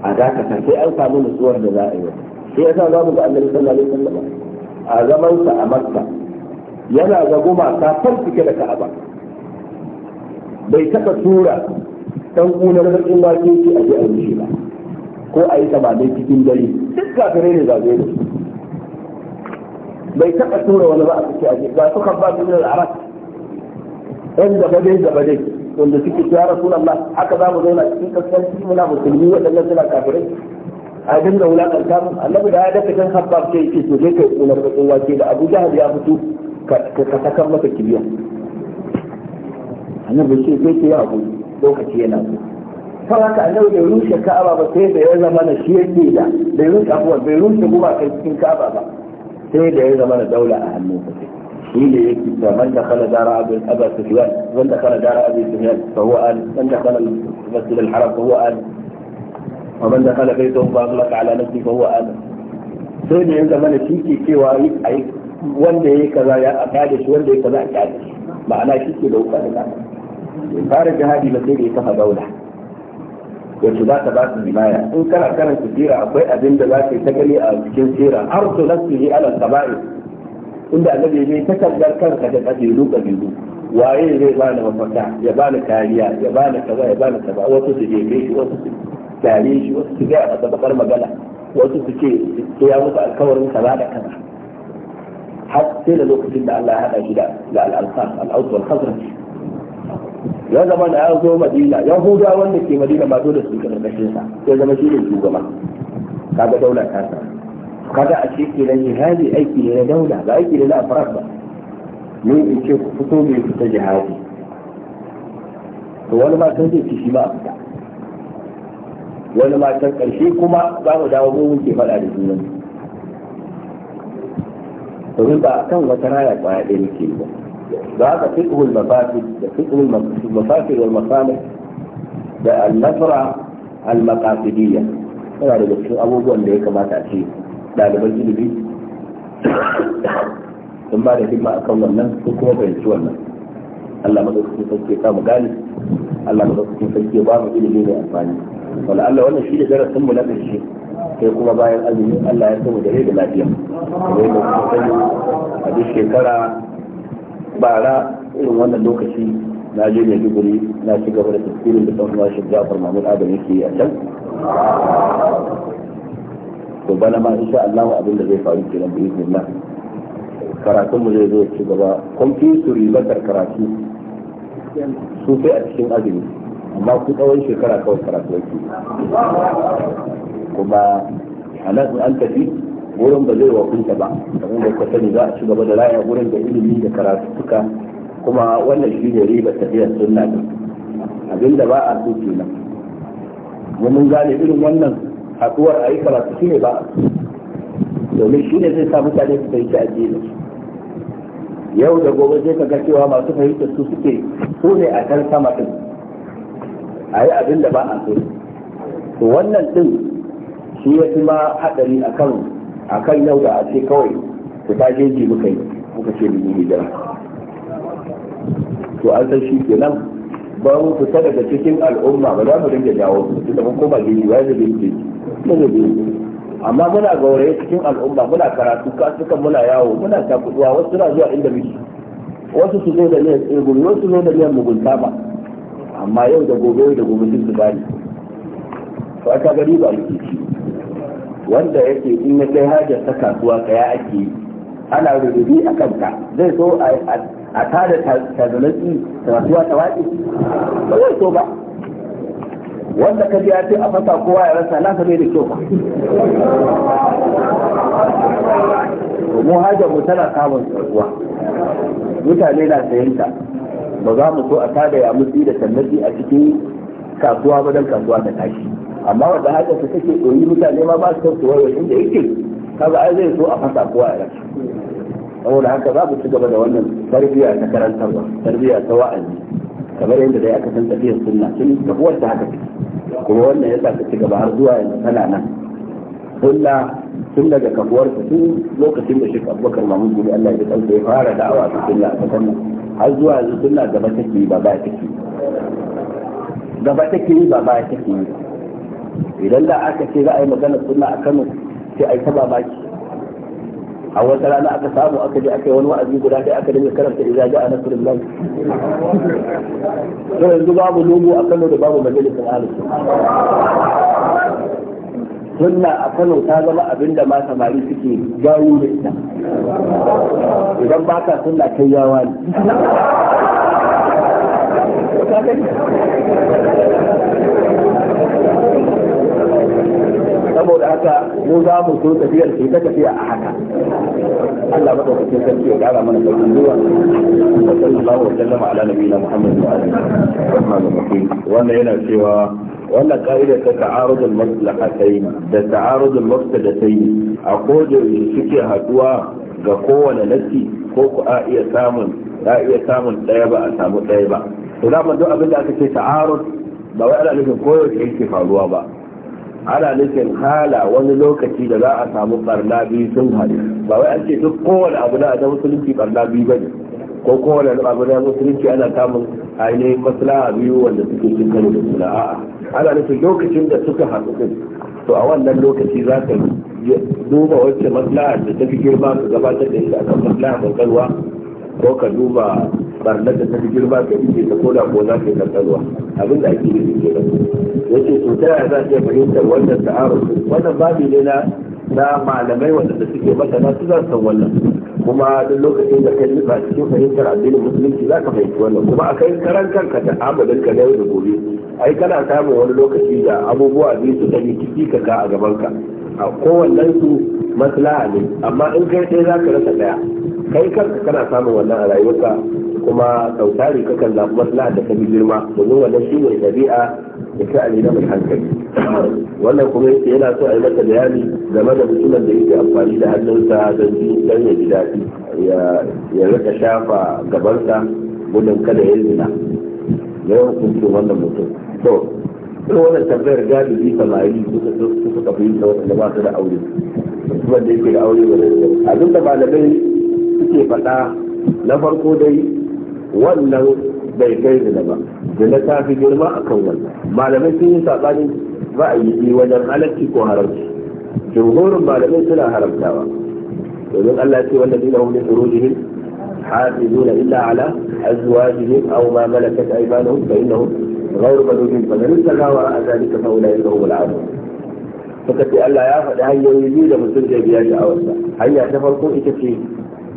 a dakata sai an samu nutsuwar da za a yi sai yasa za mu ga annabi sallallahu alaihi wasallam a zaman sa a makka yana ga gumaka farfike da ka'aba bai taba tura dan kunar bakin wake shi a je a rushe ba ko a yi samanin cikin dare duk kafirai ne zagaye da su bai taɓa tura wani ba a suke aje ba su kan ba su da arab ɗan da bade da bade wanda suke ya rasu ba haka za mu zauna cikin cikin muna musulmi waɗannan suna kafirai a dinga wulaƙanta mu annabi da ya daka kan habbab ce yake to kai kunar bakin wake da Abu Jahal ya fito ka sakar masa kibiya annabi ce sai ke ya abu lokaci yana so kawai haka annabi bai rushe ka'aba ba sai da ya zama na shi yake da bai rushe abubuwan bai rushe guba kai cikin ka'aba ba sai da ya zama da daula a hannunsa shi ne yake da man da kala dara abu abu sufyan man da kala dara abu sufyan fa huwa an man da kala masjid al-haram fa huwa an wa man da kala baytahu fa aghlaqa ala nafsi fa huwa an sai da ya zama da shi ke cewa ai wanda yayi kaza ya akada shi wanda yayi kaza a kada ma'ana shi ke da wuka da fara jihadi ba sai da ya kafa daula wacce za ta ba su himaya in kana karanta sira akwai abin da za ka ta gani a cikin sira har su nasu yi alal saba'i inda annabi ne ta kallar kanka da kabilu kabilu waye zai ba ni mafaka ya ba ni kariya ya ba ni kaza ya ba ni kaza wasu su jefe shi wasu su tare shi wasu su gaya a tabbatar magana wasu su ce su ya musu alkawarin ba da kaza har sai da lokacin da Allah ya hada shi da al-ansar al-aus khazraj ya zama da ya zo madina huda wanda ke madina ma dole su karkashin sa sai zama shi ne shugaba kaga daula ta sa kaga a ce ke nan jihadi aiki ne na daula ba aiki ne na afirar ba ne in ce ku fito mai ta jihadi to wani ma san zai shi ba a fita wani ma can karshe kuma za mu dawo mu muke faɗa da junan domin ba kan wata rana kwaya ɗaya ne yi ba هذا فقه المفاسد فقه المفاسد والمصالح ده المقاصدية yana daga cikin abubuwan da ya kamata a ce ɗaliban ilimi sun ba da himma akan wannan sun kuma fahimci wannan Allah madaukakin sarki ya mu gani Allah madaukakin sarki ya ba mu ilimi mai amfani wala Allah wannan shi da darasin mu na ƙarshe sai kuma bayan azumi Allah ya samu da rai da lafiya kamar yadda a shekara bara irin wannan lokaci na je maiduguri na ci gaba da tafsirin da ɗan shi jafar mahmud adam yake a can to bana ma insha Allah abin da zai faru nan bi Allah. karatun mu zai zo ci gaba kun su ribatar karatu su sai a cikin azumi amma ku tsawon shekara kawai karatu yake kuma a nan an tafi wurin ba zai wakunta ba kamar da kuka sani za a ci gaba da raya wurin da ilimi da suka kuma wannan shi ne riba tafiyar sunna ne abinda ba a so kenan mun gane irin wannan haɗuwar a yi karatu shi ne ba a domin shi ne zai sa mutane su fahimci addini yau da gobe zai ga cewa masu fahimta su suke su ne a kan sama din a yi abin da ba a so to wannan din shi ya fi ma haɗari a kan akan yau da a ce kawai ku ta jeji muka yi muka ce mu hijira to an san shi kenan ba mu fita daga cikin al'umma ba za mu rinke jawo su da mun koma gini ba da ba ya da gini amma muna gauraye cikin al'umma muna karatu kasukan muna yawo muna takuduwa wasu suna zuwa inda muke wasu su zo da niyan tsegun wasu zo da niyan mugunta ba amma yau da gobe da gobe sun su bani ba ta gari ba ci. wanda yake in ya kai hajar ta kasuwa ka ya ake ana rubutu a kanka zai so a tada tazalatsi kasuwa ta waɗi ba zai so ba wanda ka ji ce a fasa kowa ya rasa na bai da kyau ba mu hajar mu tana kamun kasuwa mutane na sayanta ba za mu so a tada ya mutsi da tallafi a cikin kasuwa ba don kasuwa ta tashi amma wanda haka ta take ɗoyi mutane ma ba su san soyayya inda yake kaga ai zai so a fasa kowa ya rashi saboda haka za ku ci gaba da wannan tarbiyya ta karantarwa tarbiyya ta wa'azi kamar yadda dai aka san tafiyar sunna tun da kuwar ta haka kuma wannan yasa ta ci gaba har zuwa yanzu tana nan sunna tun daga kafuwar ta tun lokacin da shi abubakar mahmud gudu allah ya kansa ya fara da'awa ta sunna a kasar nan har zuwa yanzu sunna gaba take ba ba take gaba take ba ba take idan da aka ce za a yi magana suna a kano sai a yi ta mamaki a wata rana aka samu aka je aka yi wani wa'azi guda ɗaya aka dinga karanta idan a nasrul nan to yanzu babu lobo a kano da babu majalisar ahlus sunna a Kano ta zama abin da ma samari suke jawo da ita idan ba ka sunna kai yawa ne saboda haka mu za mu so tafiyar ke ta tafiya a haka Allah ba ta sarki ya kara mana sauƙin zuwa wa sallallahu wa sallama ala nabiyina Muhammad wa alihi rahmanir rahim wannan yana cewa wannan ka'ida ta ta'arudul maslahatai da ta'arudul mafsadatai a kodayaushe suke haduwa ga kowane nasi ko ku a iya samun a iya samun ɗaya ba a samu ɗaya ba to da duk abin da aka ce ta'arud ba wai ana nufin koyaushe yake faruwa ba ana nufin hala wani lokaci da za a samu barna biyu sun haɗu ba wai an ce duk kowane abu na da musulunci barna biyu ba ne ko kowane abu na musulunci ana samun ainihin maslaha biyu wanda suke cin karo da suna a'a ana nufin lokacin da suka haɗu din to a wannan lokaci za ka duba wacce maslaha da ta fi girma ka gabatar da ita kan maslaha mai kalwa ko ka duba barnar da ta fi girma ka ike ta koda ko za ka yi abin da ake yi ke yace to ta yaya za a iya fahimtar wannan aro wannan babi ne na na malamai waɗanda suke na su za su san wannan kuma duk lokacin da kai nufa cikin fahimtar addinin musulunci za ka fahimci wannan kuma a kai karan kanka ta amalin ka na yau da gobe ai kana samun wani lokaci da abubuwa biyu su sani ciki ka ka a gaban ka a kowannen su maslaha ne amma in kai sai za ka rasa ɗaya kai kanka kana samun wannan a rayuwarka kuma sautari kakan zaɓi maslaha da kabi girma domin wannan shi ne ɗabi'a da sha'ani na mai hankali wannan kuma yake yana so a yi masa bayani game da mutumin da yake amfani da hannunsa don ji don ya ji daɗi ya rika shafa gabansa gudun kada ya zina ya yi hukuncin wannan mutum to irin wannan tambayar galibi samari suka suka fahimta da ba su da aure kuma da yake da aure ba da abinda malamai suke faɗa na farko dai wannan bai kai da ba zina ta fi girma a kan wannan malamai sun yi saɓanin ra'ayi wajen halarci ko haramci jumhurin malamai suna haramtawa domin Allah ce wanda dina hum li furujihim hafizuna illa ala azwajihim aw ma malakat aymanuhum fa innahum ghayru madudin fa man tagawa a zalika fa ulai lahum al'adu suka ce Allah ya faɗi hanyoyi biyu da mutum biya sha'awarsa hanya ta farko ita ce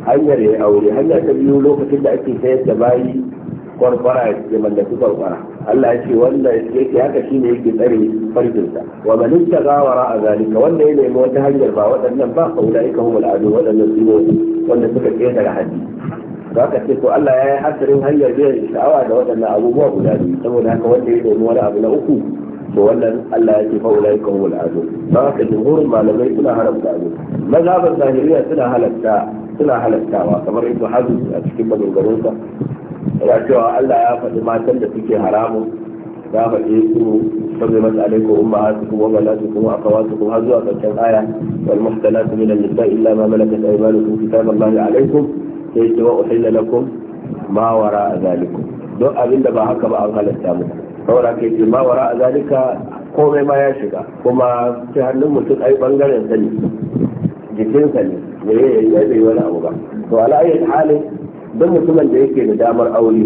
hanyar ya aure hanyar ta biyu lokacin da ake sayar da bayi kwarkwara ya su kwarkwara Allah ya ce wanda yake haka shi ne yake tsare farkinsa wa man gawara a zalika wanda ya nemi wata hanyar ba waɗannan ba fa ulaika humul adu waɗannan su wanda suka daga da haddi zaka ce ko Allah ya yi hadarin hanyar biyan sha'awa da waɗannan abubuwa guda biyu saboda haka wanda ya nemi wani abu na uku to wannan Allah ya ce fa ulai kan wal adu ba ka jumhurin malamai suna haramta Maza mazhaban zahiriya suna halatta suna halattawa kamar ibnu hazm a cikin maganganunsa ya cewa Allah ya faɗi matan da suke haramu. ya faɗi su sabai mata alaiku umma hasu kuma bala su kuma akawa su kuma har zuwa ƙarshen aya wal muhtalatu min an-nisa illa ma malakat aymanukum kitaballahi alaikum sai ce wa uhilla lakum ma wara zalikum don abin da ba haka ba an halatta muku saboda kai ce ma wara zalika komai ma ya shiga kuma ta hannun mutum ai bangaren sa ne jikinsa ne da ya zai wani abu ba to ala ayyar halin don mutumin da yake da damar aure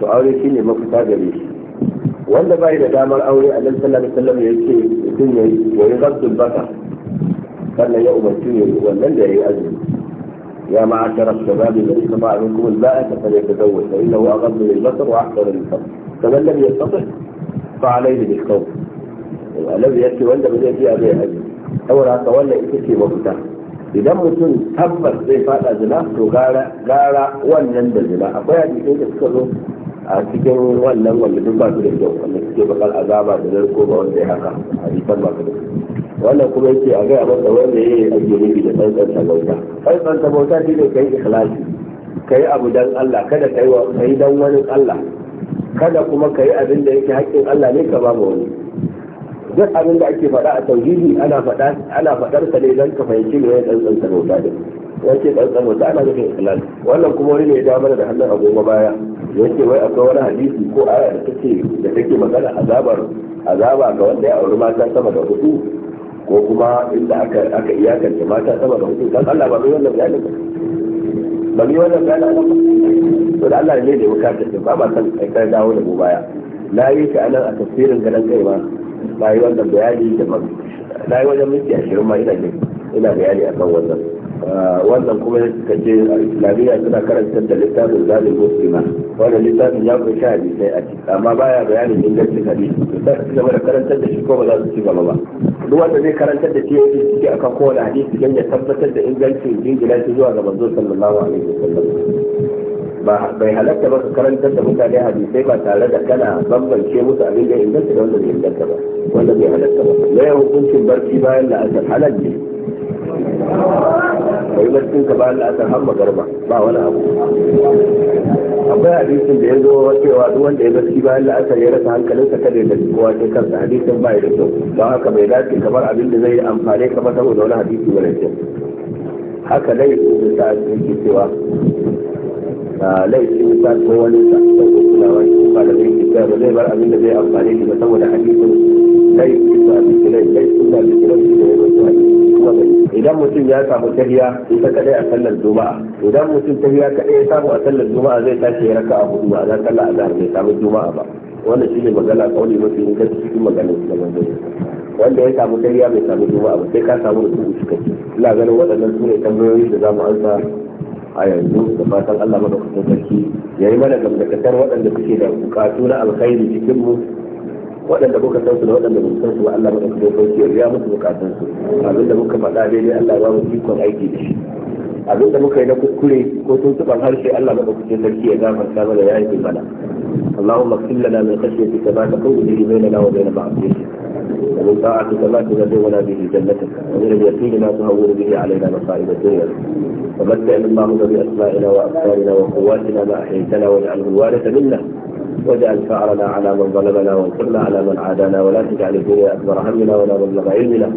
to aure shi ne mafita gare shi wanda bai da damar aure a nan sallallahu alaihi wasallam ya ce mutum ya yi wa yi zabdul baka sannan ya umarci ya yi wannan da ya yi azumi يا معشر الشباب الذي استطاع منكم الباءة فليتزوج فإنه أغض للبصر وأحسن للبصر فمن لم يستطع فعليه بالخوف الذي يأتي وأنت بدأت يا أبي أجل أولا تولى إتكي وفتاه idan mutum tabbas zai fada zina to gara wannan da zina akwai hadisai da suka zo a cikin wannan wanda duk ba su da kyau wanda suke bakar azaba da zai ba wanda ya haka hadisan ba su da wannan kuma yake a gaya masa wanda ya yi ake nufi da tsantsan bauta tsantsan bauta shi ne ka yi ikhlasi ka yi abu dan Allah kada ka yi don wani Allah kada kuma ka yi abin da yake haƙƙin Allah ne ka ba wani duk abin da ake faɗa a tauhidi ana faɗa ana faɗar sa ne dan ka fahimci me ya tsantsan sarauta din wace tsantsan wata ana nufin ikhlas wannan kuma wani ne ya dawo da hannun agogo baya yake wai akwai wani hadisi ko aya da take da take magana azabar azaba ga wanda ya auri mata sama da hudu ko kuma inda aka aka iyakance mata sama da hudu dan Allah ba mai wannan bayani ba ba mai wannan bayani ba to da Allah ne ya bukatar ba ba san kai dawo da mu baya na yi shi anan a tafsirin dan kai ba na yi wannan bayani da na yi wajen minti ashirin ma ina ina bayani kan wannan ah, wannan kuma ka ce islamiyya suna karanta da littafin zalim muslima wanda littafin ya kunshi hadisai a ciki amma baya bayanin ingancin hadisi da su da karantar da shi ko ba za su ci gaba ba duk wanda zai karantar da shi ya yi a kan kowane hadisi don ya tabbatar da ingancin jingina shi zuwa ga manzo sallallahu alaihi wasallam bai halatta ba ka karantar da mutane hadisai ba tare da kana bambance musu abin da inganta da wanda bai inganta ba wanda bai halatta ba na yau hukuncin barci bayan la'asar halal ne bai barcin ka bayan la'asar har magarba ba wani abu akwai hadisin da ya zo cewa duk wanda ya barci bayan la'asar ya rasa hankalinsa ka da kowa ke kansa hadisin ba ya da kyau don haka bai dace kamar abin da zai amfane ka ba saboda wani hadisi wani kyau haka dai da sa'ad yake cewa laifin sa ko wani sa ko kulawa shi ba da zai kika ba zai bar abin da zai amfani da ba saboda hadisin laifin sa bi kilai laifin sa bi kilai da ya zo idan mutum ya samu tahiya ita kadai a sallar juma'a idan mutum tahiya kadai ya samu a sallar juma'a zai tashi ya raka a hudu ba za sallar azhar bai samu juma'a ba wannan shine magana kauli mafi inganci cikin maganar da manzon wanda ya samu tahiya bai samu juma'a ba sai ka samu rubutu cikakke ina ganin waɗannan su ne tambayoyin da za ansa a yanzu da fatan Allah madaukakin sarki ya yi mana gamdakatar waɗanda suke da bukatu na alkhairi cikin mu waɗanda kuka san su da waɗanda muka san su ba Allah madaukakin sarki ya biya musu bukatun su abin da muka faɗa daidai Allah ya mu ikon aiki da shi abin da muka yi na kuskure ko sun tuban harshe Allah madaukakin sarki ya gafarta mana ya yi mana اللهم اغفر لنا من خشيتك ما تقول به بيننا وبين معصيتك ومن طاعتك ما تبلغنا به جنتك ومن اليقين ما تهون به علينا مصائب الدنيا ومتع اللهم باسمائنا وابصارنا وقواتنا ما احييتنا واجعله الوارث منا واجعل فعلنا على من ظلمنا وانصرنا على من عادانا ولا تجعل الدنيا اكبر همنا ولا مبلغ علمنا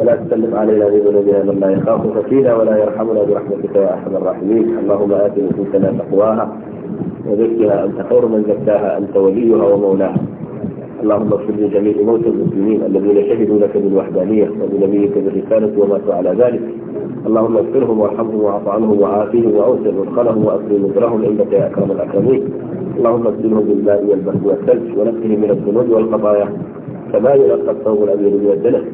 ولا تسلط علينا بذنوبنا من لا يخافك فينا ولا يرحمنا برحمتك يا ارحم الراحمين اللهم ات نفوسنا تقواها وذكرها انت خير من زكاها انت وليها ومولاها اللهم اغفر لجميع موتى المسلمين الذين شهدوا لك بالوحدانية وبنبيك بالرسالة وماتوا على ذلك اللهم اغفرهم وارحمهم واعف عنهم وعافهم واوسع مدخلهم واكرم نذرهم انك يا اكرم الاكرمين اللهم اغفرهم بالماء والبرد والثلج ونقهم من الذنوب والخطايا كما يلقى الثوب الابيض من الدنس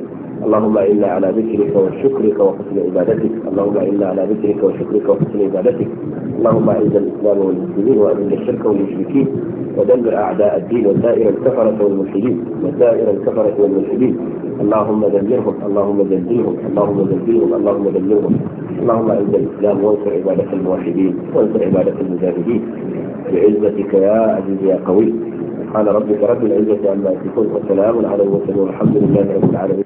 اللهم انا على ذكرك وشكرك وحسن عبادتك اللهم انا على ذكرك وشكرك وحسن عبادتك اللهم أعز الإسلام والمسلمين وأذل الشرك والمشركين ودمر أعداء الدين وسائر الكفرة والملحدين وسائر الكفرة والملحدين اللهم دمرهم اللهم دمرهم اللهم دمرهم اللهم دمرهم اللهم أعز الإسلام وانصر عبادة الموحدين وانصر عبادة المجاهدين بعزتك يا عزيز يا قوي سبحان ربك رب العزة عما يصفون وسلام على المرسلين والحمد لله رب العالمين